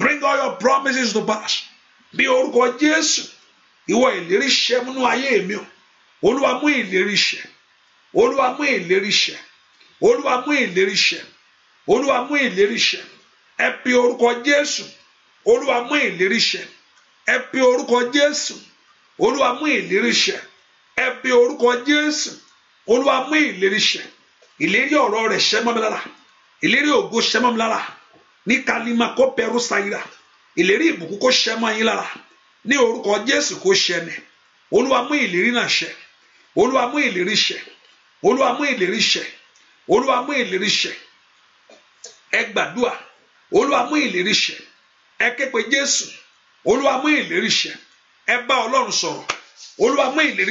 bring all your promises to pass bí orúkọ jésù ìwọ ìlérí ṣẹ múnú ayé mi olúwa mú ìlérí ṣẹ olúwa mú ìlérí ṣẹ olúwa mú ìlérí ṣẹ olúwa mú ìlérí ṣẹ ẹ pe orúkọ jésù olúwa mú ìlérí ṣẹ ẹ pe orúkọ jésù olúwa mú ìlérí ṣẹ ẹ pe orúkọ jésù olúwa mú ìlérí ìlérí ọ̀rọ̀ rẹ̀ ṣẹ mọ́ mi lára ìlérí ògo ṣẹ mọ́ mi lára ní kalima kó pẹrú sayira ìlérí ìbùkún kó ṣẹ mọ́ yín lára ní orúkọ jésù kó ṣẹ ni olúwa mú ìlérí náà ṣẹ olúwa mú ìlérí ṣẹ olúwa mú ìlérí ṣẹ olúwa mú ìlérí ṣẹ ẹ gbàdúà olúwa mú ìlérí ṣẹ ẹ képe jésù olúwa mú ìlérí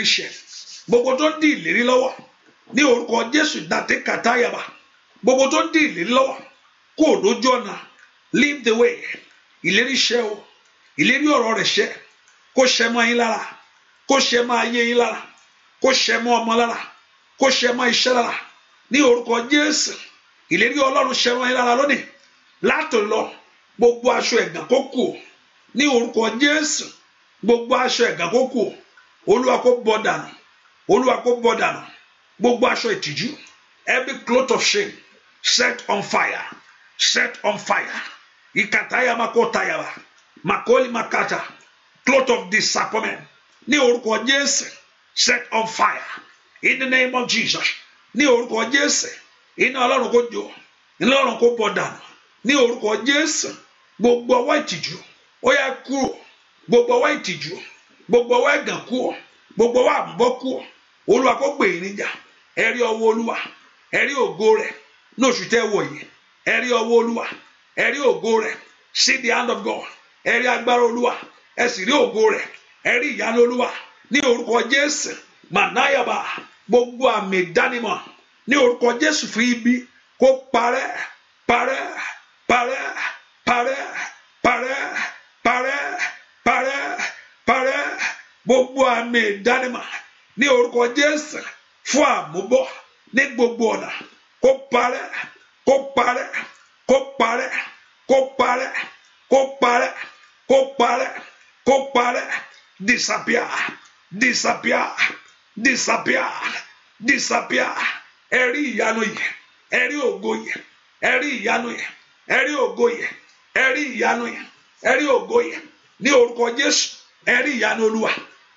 ṣẹ gbogbo tó ń di ìlérí lọwọ ní orúkọ jésù dàtí kàtáyàbá gbogbo tó ń di ìlérí lọwọ kó o lójú ọ̀nà leave the way ìlérí ṣẹ o ìlérí ọ̀rọ̀ rẹ̀ ṣẹ kó ṣẹ mọ́ lára kó ṣẹ mọ́ ayé yín lára kó ṣẹ mọ́ ọmọ lára kó ṣe mọ́ iṣẹ́ lára ní orúkọ Jésù ìlérí Ọlọ́run ṣe mọ́ yín lára lónìí látòun lọ gbogbo aṣọ ẹ̀gàn kó kù ní orúkọ Jésù gbogbo aṣọ ẹ̀gàn kó kù Olúwa kó bọ́ dànù Olúwa kó bọ́ dànù gbogbo aṣọ ìtìjú every cloth of shame set on fire set on fire ìkàtàyà makọ́tàyàwá makọ́lì makata cloth of disappointment ní orúkọ Jésù set on fire. in the name of Jesus ní orúkọ Jésù iná Ọlọ́run kò jó iná Ọlọ́run kò bọ̀ dànù ní orúkọ Jésù gbogbo ọwọ́ ìtìjú ó yá kúrò gbogbo ọwọ́ ìtìjú gbogbo ọwọ́ ẹ̀gàn kúrò gbogbo ọwọ́ kúrò Olúwa gbè níjà ọwọ́ Olúwa ògo rẹ̀ tẹ́ wọ̀ yìí ọwọ́ Olúwa ògo rẹ̀ see the hand of gbogbo àmì ìdánimọ̀ ní orúkọ Jésù fún ibi kó parẹ́ parẹ́ parẹ́ parẹ́ parẹ́ parẹ́ parẹ́ parẹ́ gbogbo àmì ìdánimọ̀ ní orúkọ Jésù fún àmúbọ̀ ní gbogbo ọ̀nà kó parẹ́ kó parẹ́ kó parẹ́ kó parẹ́ kó parẹ́ kó parẹ́ kó parẹ́ disapia disapia. disappear disappear ẹ rí ìyanu yìí ẹ rí ògo yìí eri rí ìyanu yìí eri rí ògo oruko jesu! eri ìyanu yìí eri ògo yìí ní orúkọ Jésù ẹ ìyanu Olúwa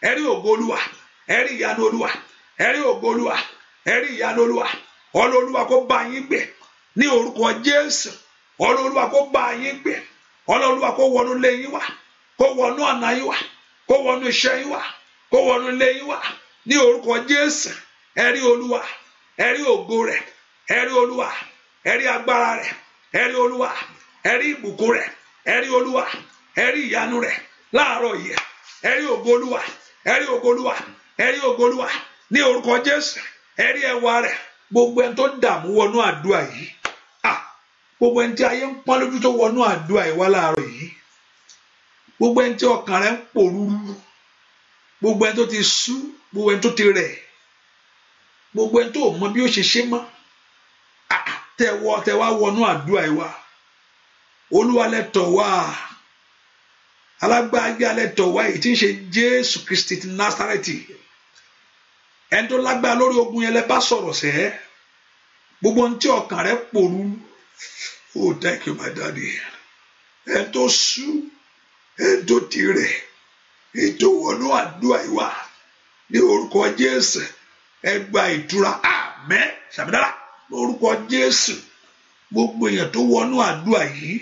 ẹ ògo Olúwa ẹ ìyanu Olúwa ẹ ògo Olúwa ẹ ìyanu Olúwa ọlọ́olúwa kó bá yín ní orúkọ Jésù kó ní orúkọ Jésù ẹ̀rí Olúwa ẹ̀rí ògo rẹ̀ ẹ̀rí Olúwa ẹ̀rí agbára rẹ̀ ẹ̀rí Olúwa ẹ̀rí ìbùkún rẹ̀ ẹ̀rí Olúwa ẹ̀rí ìyanu rẹ̀ láàárọ̀ yìí ẹ̀rí ògo Olúwa ẹ̀rí ògo Olúwa ẹ̀rí ògo Olúwa ní orúkọ Jésù ẹ̀rí ẹwà rẹ̀ gbogbo ẹni tó dààmú wọnú àdúrà yìí gbogbo ẹni tí ayé ń pọ́n lójú tó wọnú àdúrà yìí wá láàárọ̀ yìí gbogbo ẹni tí ọkàn rẹ̀ ń pòrúurú gbogbo ẹni tó ti sú gbogbo ẹni tó ti rẹ gbogbo ẹni tó mọ bí ó ṣe ṣe mọ́ tẹwọ wọnú àdúrà ìwà olúwa lẹ́tọ̀ wá wá èyí tí ń ṣe jésù kristi ti tó lórí ogun yẹn bá sọ̀rọ̀ gbogbo ohun tí ọkàn rẹ pòrú oh thank you my daddy ẹni tó ìtòwònú àdúrà ìwà ní orúkọ Jésù ẹ gba ìtura àmẹ ṣàmìdára lórúkọ Jésù gbogbo èèyàn tó wọnú àdúrà yìí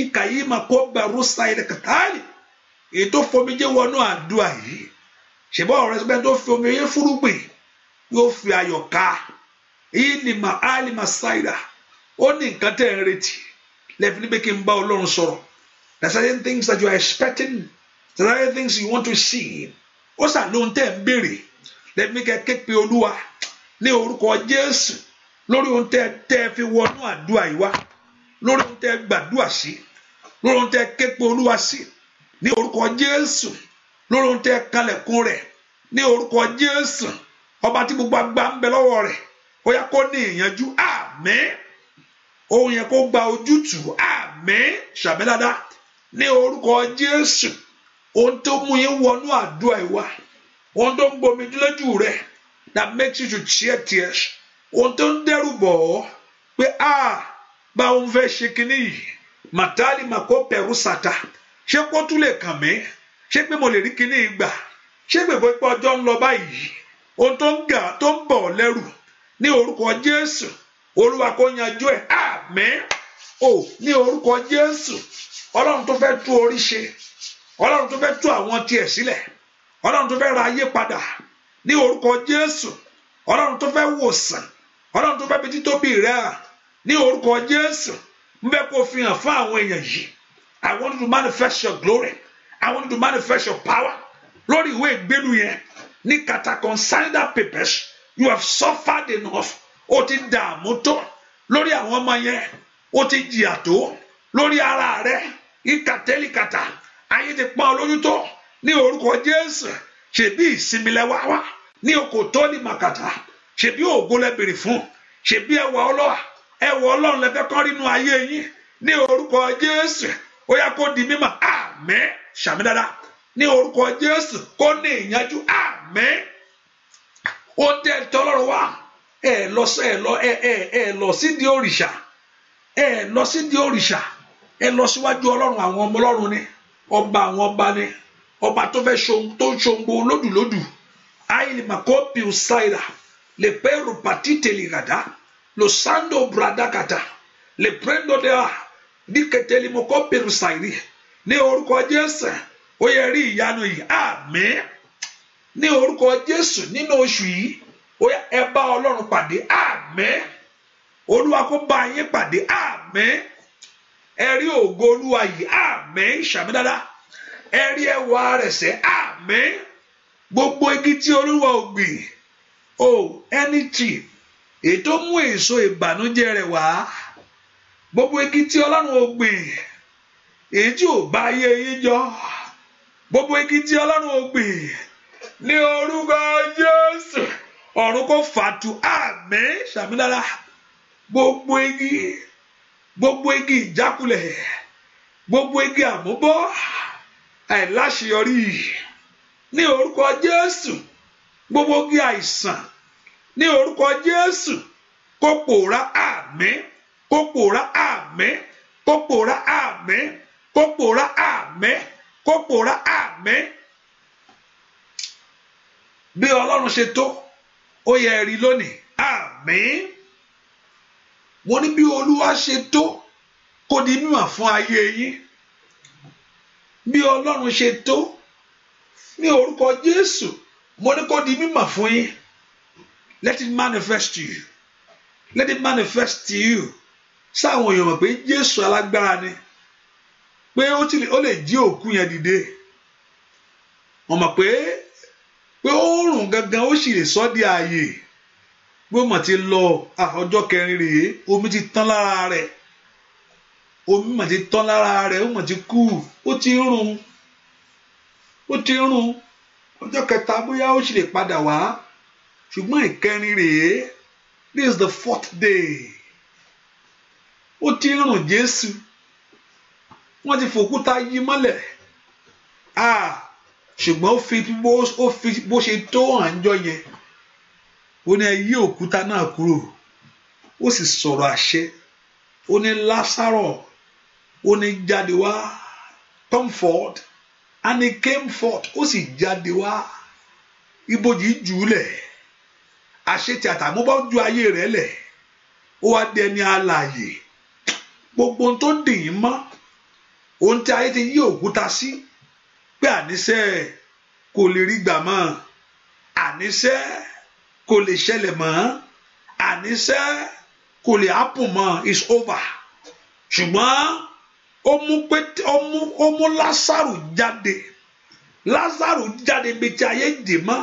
ìkà yìí mà kó bẹ̀rù sáyẹlẹ kàtàlì èyí tó fomijé wọnú àdúrà yìí ṣèbá ọ̀rẹ́ sọgbẹ tó fi omi yẹn fúrúgbìn yóò fi ayọ̀ ká èyí ni mà á lè mà ó ní nǹkan tẹ̀ ń retí lẹ́ẹ̀fì níbi kí n bá Ọlọ́run sọ̀rọ̀ there are certain things that you are expecting there are things you want to see ó sà lóhun tẹ̀ ń béèrè lẹ́mí kẹ́kẹ́ pé olúwa ní orúkọ jésù lórí ohun tẹ́ tẹ́ fi wọnú àdúrà yìí wá lórí ohun tẹ́ gbàdúrà sí lórí ohun tẹ́ ké pé olúwa sí ní orúkọ jésù lórí ohun tẹ́ kalẹ̀kùn rẹ̀ ní orúkọ jésù ọba tí gbogbo agbá ń bẹ lọ́wọ́ rẹ̀ ó yá kó ní ìyànjú àmín ohun yẹn kó gba ojútùú àmín ṣàmì dáadáa ní orúkọ jésù ohun tó mú yín wọnú àdúrà ìwà ohun tó ń gbomi lójú rẹ that makes you to shed tears ohun tó ń dẹ́rù bọ̀ ọ́ pé a bá òun fẹ́ ṣe kinní yìí màtálì màkó pẹ̀rú sàtà ṣé kó tún lè kàn mí ṣé pé mo lè rí kinní yìí gbà ṣé gbègbè pé ọjọ́ ń lọ báyìí ohun tó ń gà tó ń bọ̀ lẹ́rù ní orúkọ Jésù olúwa kó yanjú ẹ̀ àmín o ní orúkọ Jésù ọlọ́run tó fẹ́ tú orí ṣe ọlọ́run tó fẹ́ tú àwọn tiẹ̀ sílẹ̀ ọlọ́run tó fẹ́ ra ayé padà ní orúkọ jésù ọlọ́run tó fẹ́ wòsàn ọlọ́run tó fẹ́ fi títóbi rẹ̀ ní orúkọ jésù ń bẹ́ kó fi hàn fún àwọn èèyàn yìí i want to manifest your glory i want to manifest your power lórí ìwé ìgbélu yẹn ní kàtà consign papers you have suffered enough o ti dààmú tó lórí àwọn ọmọ yẹn o ti jìyà tó lórí ara rẹ ìkàtẹ́lìkàtà ayé ti pọ́n olójú tó ní orúkọ Jésù ṣèbí ìsinmi lẹ́wà wá ní okò tó ní màkàtà ṣèbí ògo lẹ bèrè fún ṣèbí ẹwà ọlọ́wà ẹwà ọlọ́run lẹ fẹ́ kán rínú ayé yín ní orúkọ Jésù ó yá kó di mímọ̀ àmín ṣàmì dáadáa ní orúkọ Jésù kó ní ìyanjú àmín ó dé tọ́lọ́rọ̀ wá ẹ lọ ẹ lọ ẹ ẹ ẹ lọ sídìí òrìṣà ẹ lọ sídìí òrìṣà ẹ lọ síwájú ọlọ́run àwọn ọmọ ọlọ́run ni ọba àwọn ọba ni ọba tó fẹ́ ṣohun tó ń ṣohun gbogbo lódùlódù ailimakopiu saira le peru patite ligada losando bradakata le prendo de a diketeli mokopiu sairi ní orúkọ jésù ó yẹ rí ìyanu yìí àmín ní orúkọ jésù nínú oṣù yìí ó yẹ ẹ bá ọlọ́run pàdé àmín olúwa kó bá yín pàdé àmín ẹ rí ògo olúwa yìí àmín ṣàmì dáadáa ẹ rí ẹwà rẹ̀ sẹ́ àmín gbogbo igi tí olúwa ò gbìn o ẹni tì ètò mú èso ìbànújẹ́ rẹ̀ wá gbogbo igi tí ọlọ́run ò gbìn èyí tí ò bá ayé yín jọ gbogbo igi tí ọlọ́run ò ní orúkọ jésù ọ̀run kò fàtú àmín ṣàmì gbogbo igi gbogbo igi ìjákulẹ̀ gbogbo igi àmúbọ́ àìláṣeyọrí ní orúkọ Jésù gbogbo igi àìsàn ní orúkọ Jésù kó pòórá àmín kó pòórá àmín kó pòórá àmín kó pòórá àmín kó pòórá àmín bí Ọlọ́run ṣe tó ó yẹ ẹ rí lónìí àmín mo ní bí olúwa ṣe tó kó di mímọ̀ fún ayé yín bí ọlọ́run ṣe tó ní orúkọ jésù mo ní kó di mímọ̀ fún yín let it manifest to you let it manifest to you sáwọn èèyàn mọ̀ pé jésù alágbára ni pé ó lè jí òkú yẹn dìde wọ́n mọ̀ pé pé ó rùn gangan ó sì lè sọ di ààyè gbọ́mọ̀ ti lọ ọjọ́ kẹrin rèé omi ti tán lára rẹ̀ omi mà ti tán lára rẹ̀ ó mà ti kú ó ti rùn ó ti rùn ọjọ́ kẹta bóyá ó sì lè padà wá ṣùgbọ́n ìkẹrin rèé this is the fourth day ó ti rùn Jésù wọ́n ti fòkúta yí mọ́lẹ̀ ṣùgbọ́n ó fi bó ṣe tó hàn jọ yẹn. o ni e yi okuta n'akụrụ o si soro ase o ni lasaro o jadewa njadewa ani a ni camford o si njadewa iboji ju le ase tiatamo ba o ju aye re le o wa de ni alaye kpokpon to n dị yi ma o n tiaye ti yi okuta si pe a nisee ko liri gba ma a nise kò lè ṣẹlẹ̀ mọ́ àníṣe kò lè happen mọ́ is over ṣùgbọ́n ó mú pé ó mú ó mú Lásárù jáde Lásárù jáde ibi tí ayé dè mọ́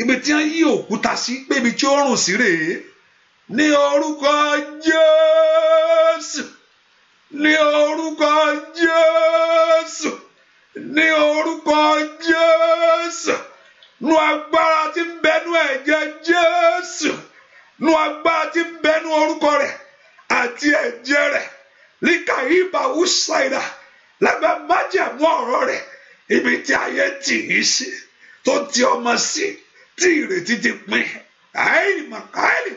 ibi tí wọ́n yí òkúta sí pé ibi tí ó rùn sí rèé ní orúkọ Jésù ní orúkọ Jésù ní orúkọ Jésù nu agbára tí ń bẹnu ẹ̀jẹ̀ Jésù nu agbára tí ń bẹnu orúkọ rẹ̀ àti ẹ̀jẹ̀ rẹ̀ líka ibà wúṣàìdà lábẹ́ májẹ̀mú ọ̀rọ̀ rẹ̀ ibi tí ayé tì í sí tó ti ọmọ sí tí ìrètí ti pín àìlì màkàìlì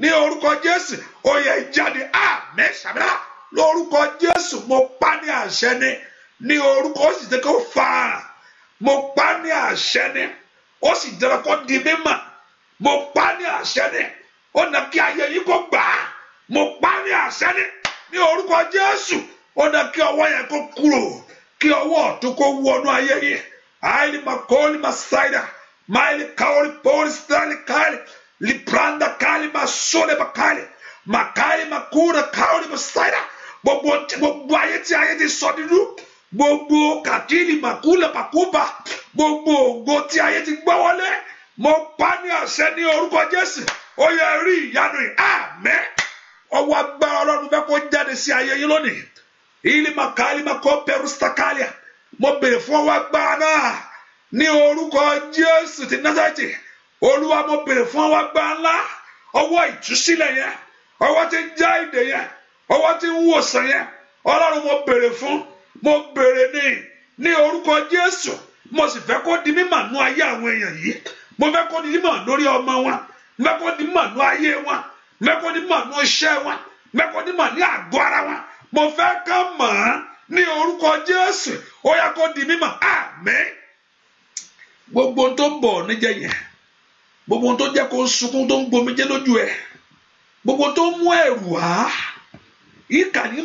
ní orúkọ Jésù oyè ìjáde àmì ṣàbílà lórúkọ Jésù mo pa ní àṣẹ ni ní orúkọ ó sì ti kó fa mo pa ní àṣẹ ni ó sì dẹrẹ kó di mímọ̀ mo pa ní àṣẹ ni ó nà kí ayé yìí kó gbà á mo pa ní àṣẹ ni ní orúkọ Jésù ó nà kí ọwọ́ yẹn kó kúrò kí ọwọ́ ọ̀tún kó wọnú ayé yìí àìlì màkọ́ọ́lì màsáìdà máìlì káwọ́lì pọ́ọ́lì sítáìlì káìlì lipranda káìlì màsọ́ọ̀lì màkáìlì màkáìlì màkúrà káwọ́lì màsáìdà gbogbo ayé tí ayé ti sọ nínú. gbogbo kàdírì màkúlẹ̀ makuba gbogbo ògo tí ayé ti gbọ́ wọlé mo pa ní àṣẹ ní orúkọ Jésù ó yẹ rí ìyanu yìí àmín ọwọ́ agbára Ọlọ́run fẹ́ kó jáde sí ayé yín lónìí ìlímàkà ìlímàkà pẹrùsítàkàlìà mo bèrè fún ọwọ́ agbára náà ní orúkọ Jésù ti Násárẹ́tì Olúwa mo bèrè fún ọwọ́ agbára ńlá ọwọ́ ìtúsílẹ̀ yẹn ọwọ́ tí ń já ìdè yẹn ọwọ́ tí ń wòsàn yẹn Ọlọ́run mo bèrè fún mo bèrè ní ní orúkọ Jésù mo sì fẹ́ kó di mímọ̀ nú ayé àwọn èèyàn yìí mo fẹ́ kó di mímọ̀ lórí ọmọ wọn mo fẹ́ kó di mímọ̀ nú ayé wọn mo fẹ́ di mímọ̀ nú iṣẹ́ wọn mo fẹ́ di mímọ̀ ní àgọ́ ara wọn mo fẹ́ ká mọ̀ orúkọ Jésù ó kó di mímọ̀ gbogbo tó bọ̀ níjẹ gbogbo tó jẹ́ kó sunkún tó gbogbo tó mú ẹ̀rù wá yíkà ní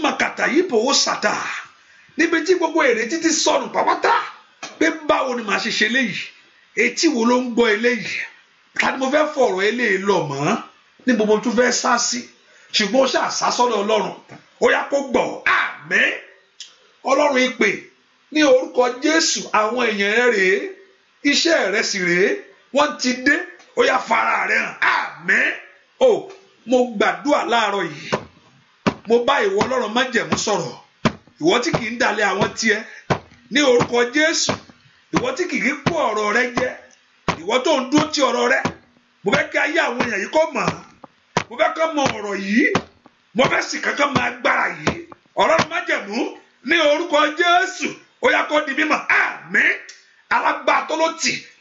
níbi tí gbogbo ìrètí ti sọnù pàpàtà pé báwo ni màá ṣe ṣe eléyìí etí wo ló ń gbọ́ eléyìí ta ni mo fẹ́ fọ̀rọ̀ eléyìí lọ mọ́ ní gbogbo tó fẹ́ sá sí ṣùgbọ́n ó ṣàṣà sọ́dọ̀ ọlọ́run ó yá kó gbọ́ àmín ọlọ́run ìpè ní orúkọ jésù àwọn èèyàn rẹ rèé iṣẹ́ rẹ sì rèé wọ́n ti dé ó yá fara rẹ hàn àmín o oh, mo gbàdúrà láàárọ̀ yìí mo bá ìwọ ọlọ́run májẹ̀mú sọ̀rọ̀ ìwọ tí kì í dalẹ̀ àwọn tiẹ̀ ní orúkọ Jésù ìwọ tí kì í ọ̀rọ̀ rẹ jẹ ìwọ tó ń dúró ti ọ̀rọ̀ rẹ mo fẹ́ kí ayé àwọn èèyàn yìí kó mọ̀ mo fẹ́ mọ ọ̀rọ̀ yìí mo fẹ́ sì kankan mọ agbára yìí ọ̀rọ̀ ní orúkọ Jésù ó kó di mímọ̀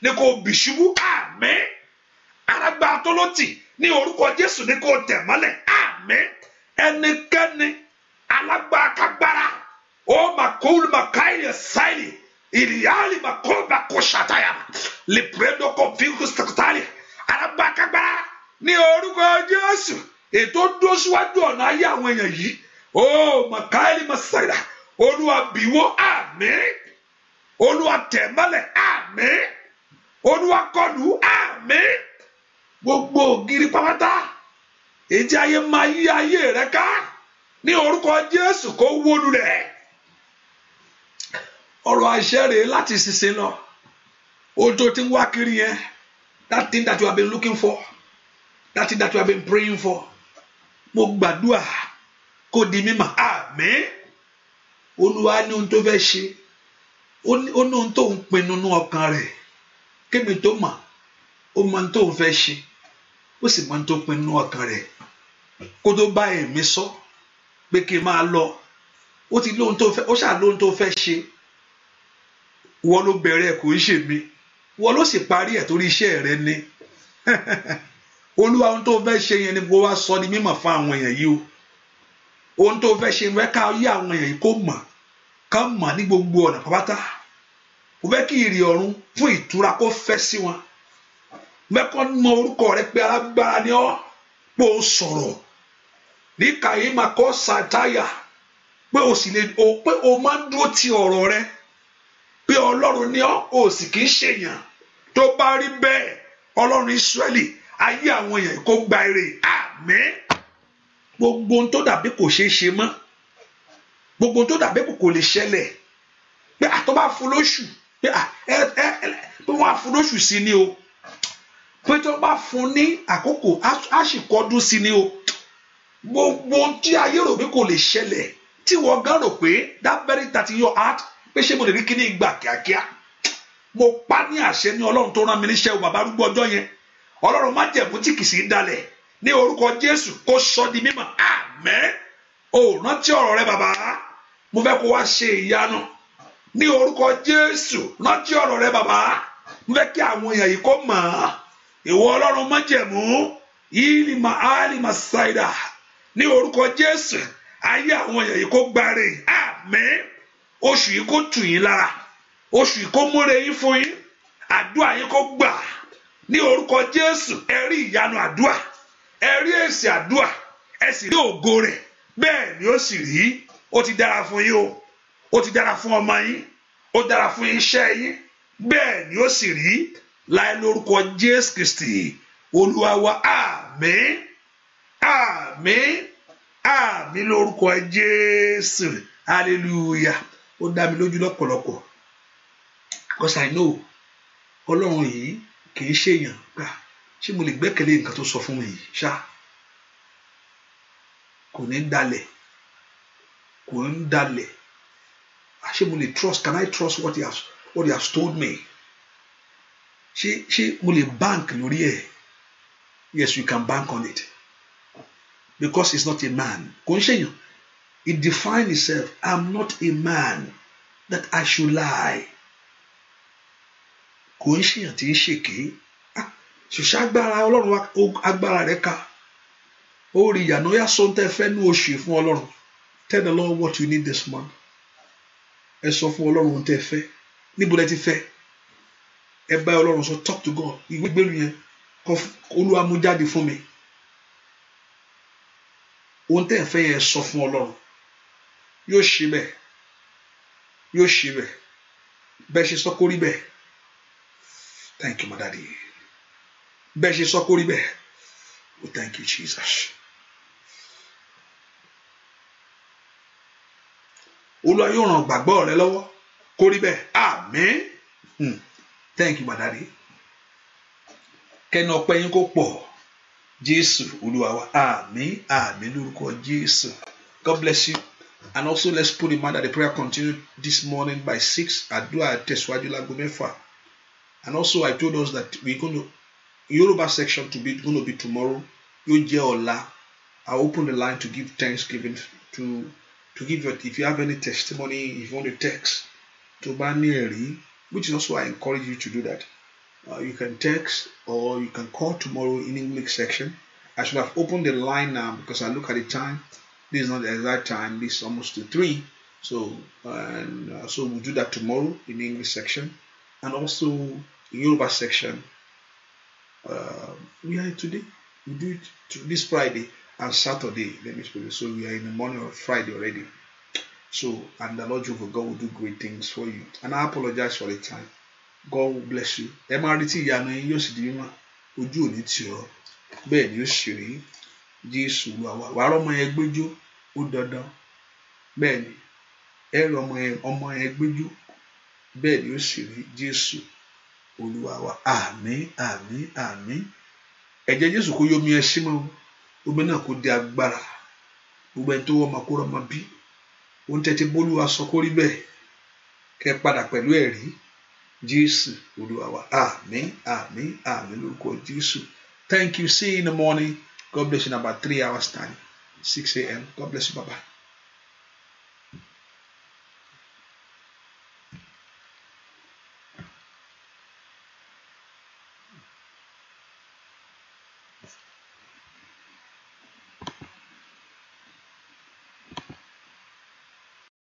ni kò bì ṣubú ní orúkọ Jésù ni kò tẹ̀ mọ́lẹ̀ ẹnikẹ́ni o makul makaili saili iliali makoba koshataya lipredo kovinkus takutali aragbakagbara ní orúkọ Jésù ètò dúró síwájú ọ̀nà ayé àwọn èèyàn yìí o makaili masaila olúwa bìwó àmín olúwa tẹ̀mọ́lẹ̀ àmín olúwa kọlù àmín gbogbo ògiri pátá ètí ayé máa yí ayé rẹ ká ní orúkọ Jésù kó wó lulẹ̀ ọ̀rọ̀ àṣẹ rèé láti ṣiṣẹ́ lọ ojú tí ń wá kiri yẹn that thing that you have been looking for that thing that you have been praying for mo gbàdúrà kó di mímọ̀ àmín olúwa ní ohun tó fẹ́ ṣe ó ní ohun tó ń pinnu ní ọkàn rẹ̀ kémi tó mọ̀ ó mọ ohun tó ń fẹ́ ṣe ó sì mọ ohun tó pinnu ní ọkàn rẹ̀ kó tó bá èmi sọ pé kí n máa lọ ó ti lóhun tó fẹ́ ó ṣáà tó fẹ́ ṣe wọ́n ló bẹ̀rẹ̀ kò ń ṣe mi wọ́n ló sì parí ẹ̀ torí iṣẹ́ rẹ ni olúwa ohun tó fẹ́ ṣe yẹn ni kó wá sọ di mímọ̀ fún àwọn èèyàn yìí o ohun tó fẹ́ ṣe fẹ́ ká yí àwọn èèyàn yìí kó mọ̀ ká mọ̀ ní gbogbo ọ̀nà pátá o fẹ́ kí ìrì ọ̀run fún ìtura kó fẹ́ sí wọn mẹ́kọ́ mọ orúkọ rẹ pé alágbára ni ọ́ pé o sọ̀rọ̀ ní kàyémà kọ́ sàtáyà pé o sì lè o pé o máa ń dúró ti ọ̀rọ̀ rẹ pé ọlọ́run ni ọ́ ò sì kì í ṣèyàn tó bá rí bẹ́ẹ̀ ọlọ́run Ísírẹ́lì ayé àwọn èèyàn kó gba èrè àmín gbogbo ohun tó dàbí kò ṣeé ṣe mọ́ gbogbo ohun tó dàbí kò kò lè ṣẹlẹ̀ pé àtọ́ bá fún lóṣù pé wọ́n á fún sí ni o pé tó bá fún ní àkókò á sì sí ni o gbogbo tí ayé rò pé kò lè ṣẹlẹ̀ tí wọ́n gán rò pé that very thing in your pé ṣé mo lè rí kíní ìgbà kíákíá mo pa ní àṣẹ ní ọlọ́run tó rán mi níṣẹ́ o bàbá arúgbó ọjọ́ yẹn ọlọ́run má jẹ̀bú tí kìsì dalẹ̀ ní orúkọ jésù kó sọ di mímọ́ àmẹ́ o rántí ọ̀rọ̀ rẹ bàbá mo fẹ́ kó wá ṣe ìyanu ní orúkọ jésù rántí ọ̀rọ̀ rẹ bàbá mo fẹ́ kí àwọn èèyàn yìí kó mọ̀ ọ́ ìwọ ọlọ́run má jẹ̀mú yìí ma ali ma ṣáìdà ní orúkọ jésù ayé àwọn èèyàn yìí kó gbáre àmẹ́ oṣù yìí kó tù yín lára oṣù yìí kó múre yín fún yín àdúrà yín kó gbà ní orúkọ Jésù ẹ ìyanu àdúrà ẹ èsì àdúrà ẹ rí ògo rẹ̀ bẹ́ẹ̀ ni ó sì rí ó ti dára fún yín o ó ti dára fún ọmọ yín ó dára fún iṣẹ́ yín bẹ́ẹ̀ ni ó sì rí láì lórúkọ Jésù Kristi Olúwa wa àmín àmín lórúkọ Jésù hallelujah ó dá mi lójú lọ́pọ̀lọpọ̀ because I know ọlọ́run yìí kì í ṣèyàn gbà ṣé mo lè gbẹ́kẹ̀lé nǹkan tó sọ fún mi yìí ṣá kò ní dalẹ̀ kò ní dalẹ̀ ṣé mo lè trust can I trust what he has what he has told me ṣé ṣé mo lè bank lórí ẹ̀ yes you can bank on it because he's not a man kò ń ṣèyàn It defined itself I'm not a man that I should lie. Kò ń ṣèyàn tí ń ṣèké. Ah, Ṣùṣà agbára Ọlọ́run agbára rẹ̀ ká. Ó rí ìyànà yà sọ tẹ́ fẹ́ ní oṣù fún Ọlọ́run. Tell the Lord what you need this month. Ẹ sọ fún Ọlọ́run ohun tẹ́ fẹ́. Níbo lẹ ti fẹ́? Ẹ bá Ọlọ́run sọ talk to God. Ìwé gbèrú yẹn kọ Olúwa mú jáde fún mi. Ohun tẹ́ fẹ́ yẹn sọ fún Ọlọ́run yóò ṣe bẹ́ẹ̀ yóò ṣe bẹ́ẹ̀ bẹ́ẹ̀ ṣe sọ kó rí thank you my daddy bẹ́ẹ̀ ṣe sọ kó rí bẹ́ẹ̀ thank you Jesus. olúwa yóò ràn gbàgbọ́ rẹ lọ́wọ́ kó rí bẹ́ẹ̀ hmm. thank you my daddy kẹ́ni ọpẹ́ yín kó pọ̀ jésù olúwa wa àmín àmín lórúkọ jésù god bless you. And also, let's put in mind that the prayer continued this morning by 6 at Dua Teswadula Gumefa. And also, I told us that we're going to, Yoruba section to be going to be tomorrow. Yoje Ola. I open the line to give thanksgiving to to give it if you have any testimony, if you want to text to Banieri, which is also I encourage you to do that. Uh, you can text or you can call tomorrow in English section. I should have opened the line now because I look at the time this is not the exact time this is almost to three so and uh, so we'll do that tomorrow in the english section and also in yoruba section uh, we are today we do it to this friday and saturday let me speak so we are in the morning of friday already so and the lord jehovah god will do great things for you and i apologize for the time god will bless you ẹ máa retí ìyanu yín yóò sì di ò ní ni ó sì rí ó dandan bẹ́ẹ̀ ni ẹ rí ọmọ yẹn ọmọ yẹn gbójú bẹ́ẹ̀ ni ó sì rí Jésù Olúwa wa àmín àmín àmín ẹ̀jẹ̀ Jésù kó yọ omi ẹ símọ́ omi náà kó di agbára gbogbo ẹni tó wọ́n ma kó rọ ọmọ bí ohun tẹ́tí bólúwa sọ kó rí bẹ́ẹ̀ kẹ́ padà pẹ̀lú ẹ̀rí Jésù Olúwa wa àmín àmín àmín lórúkọ Jésù thank you see you in the morning God bless you in about three hours time. 6 a.m. God bless you. Bye bye.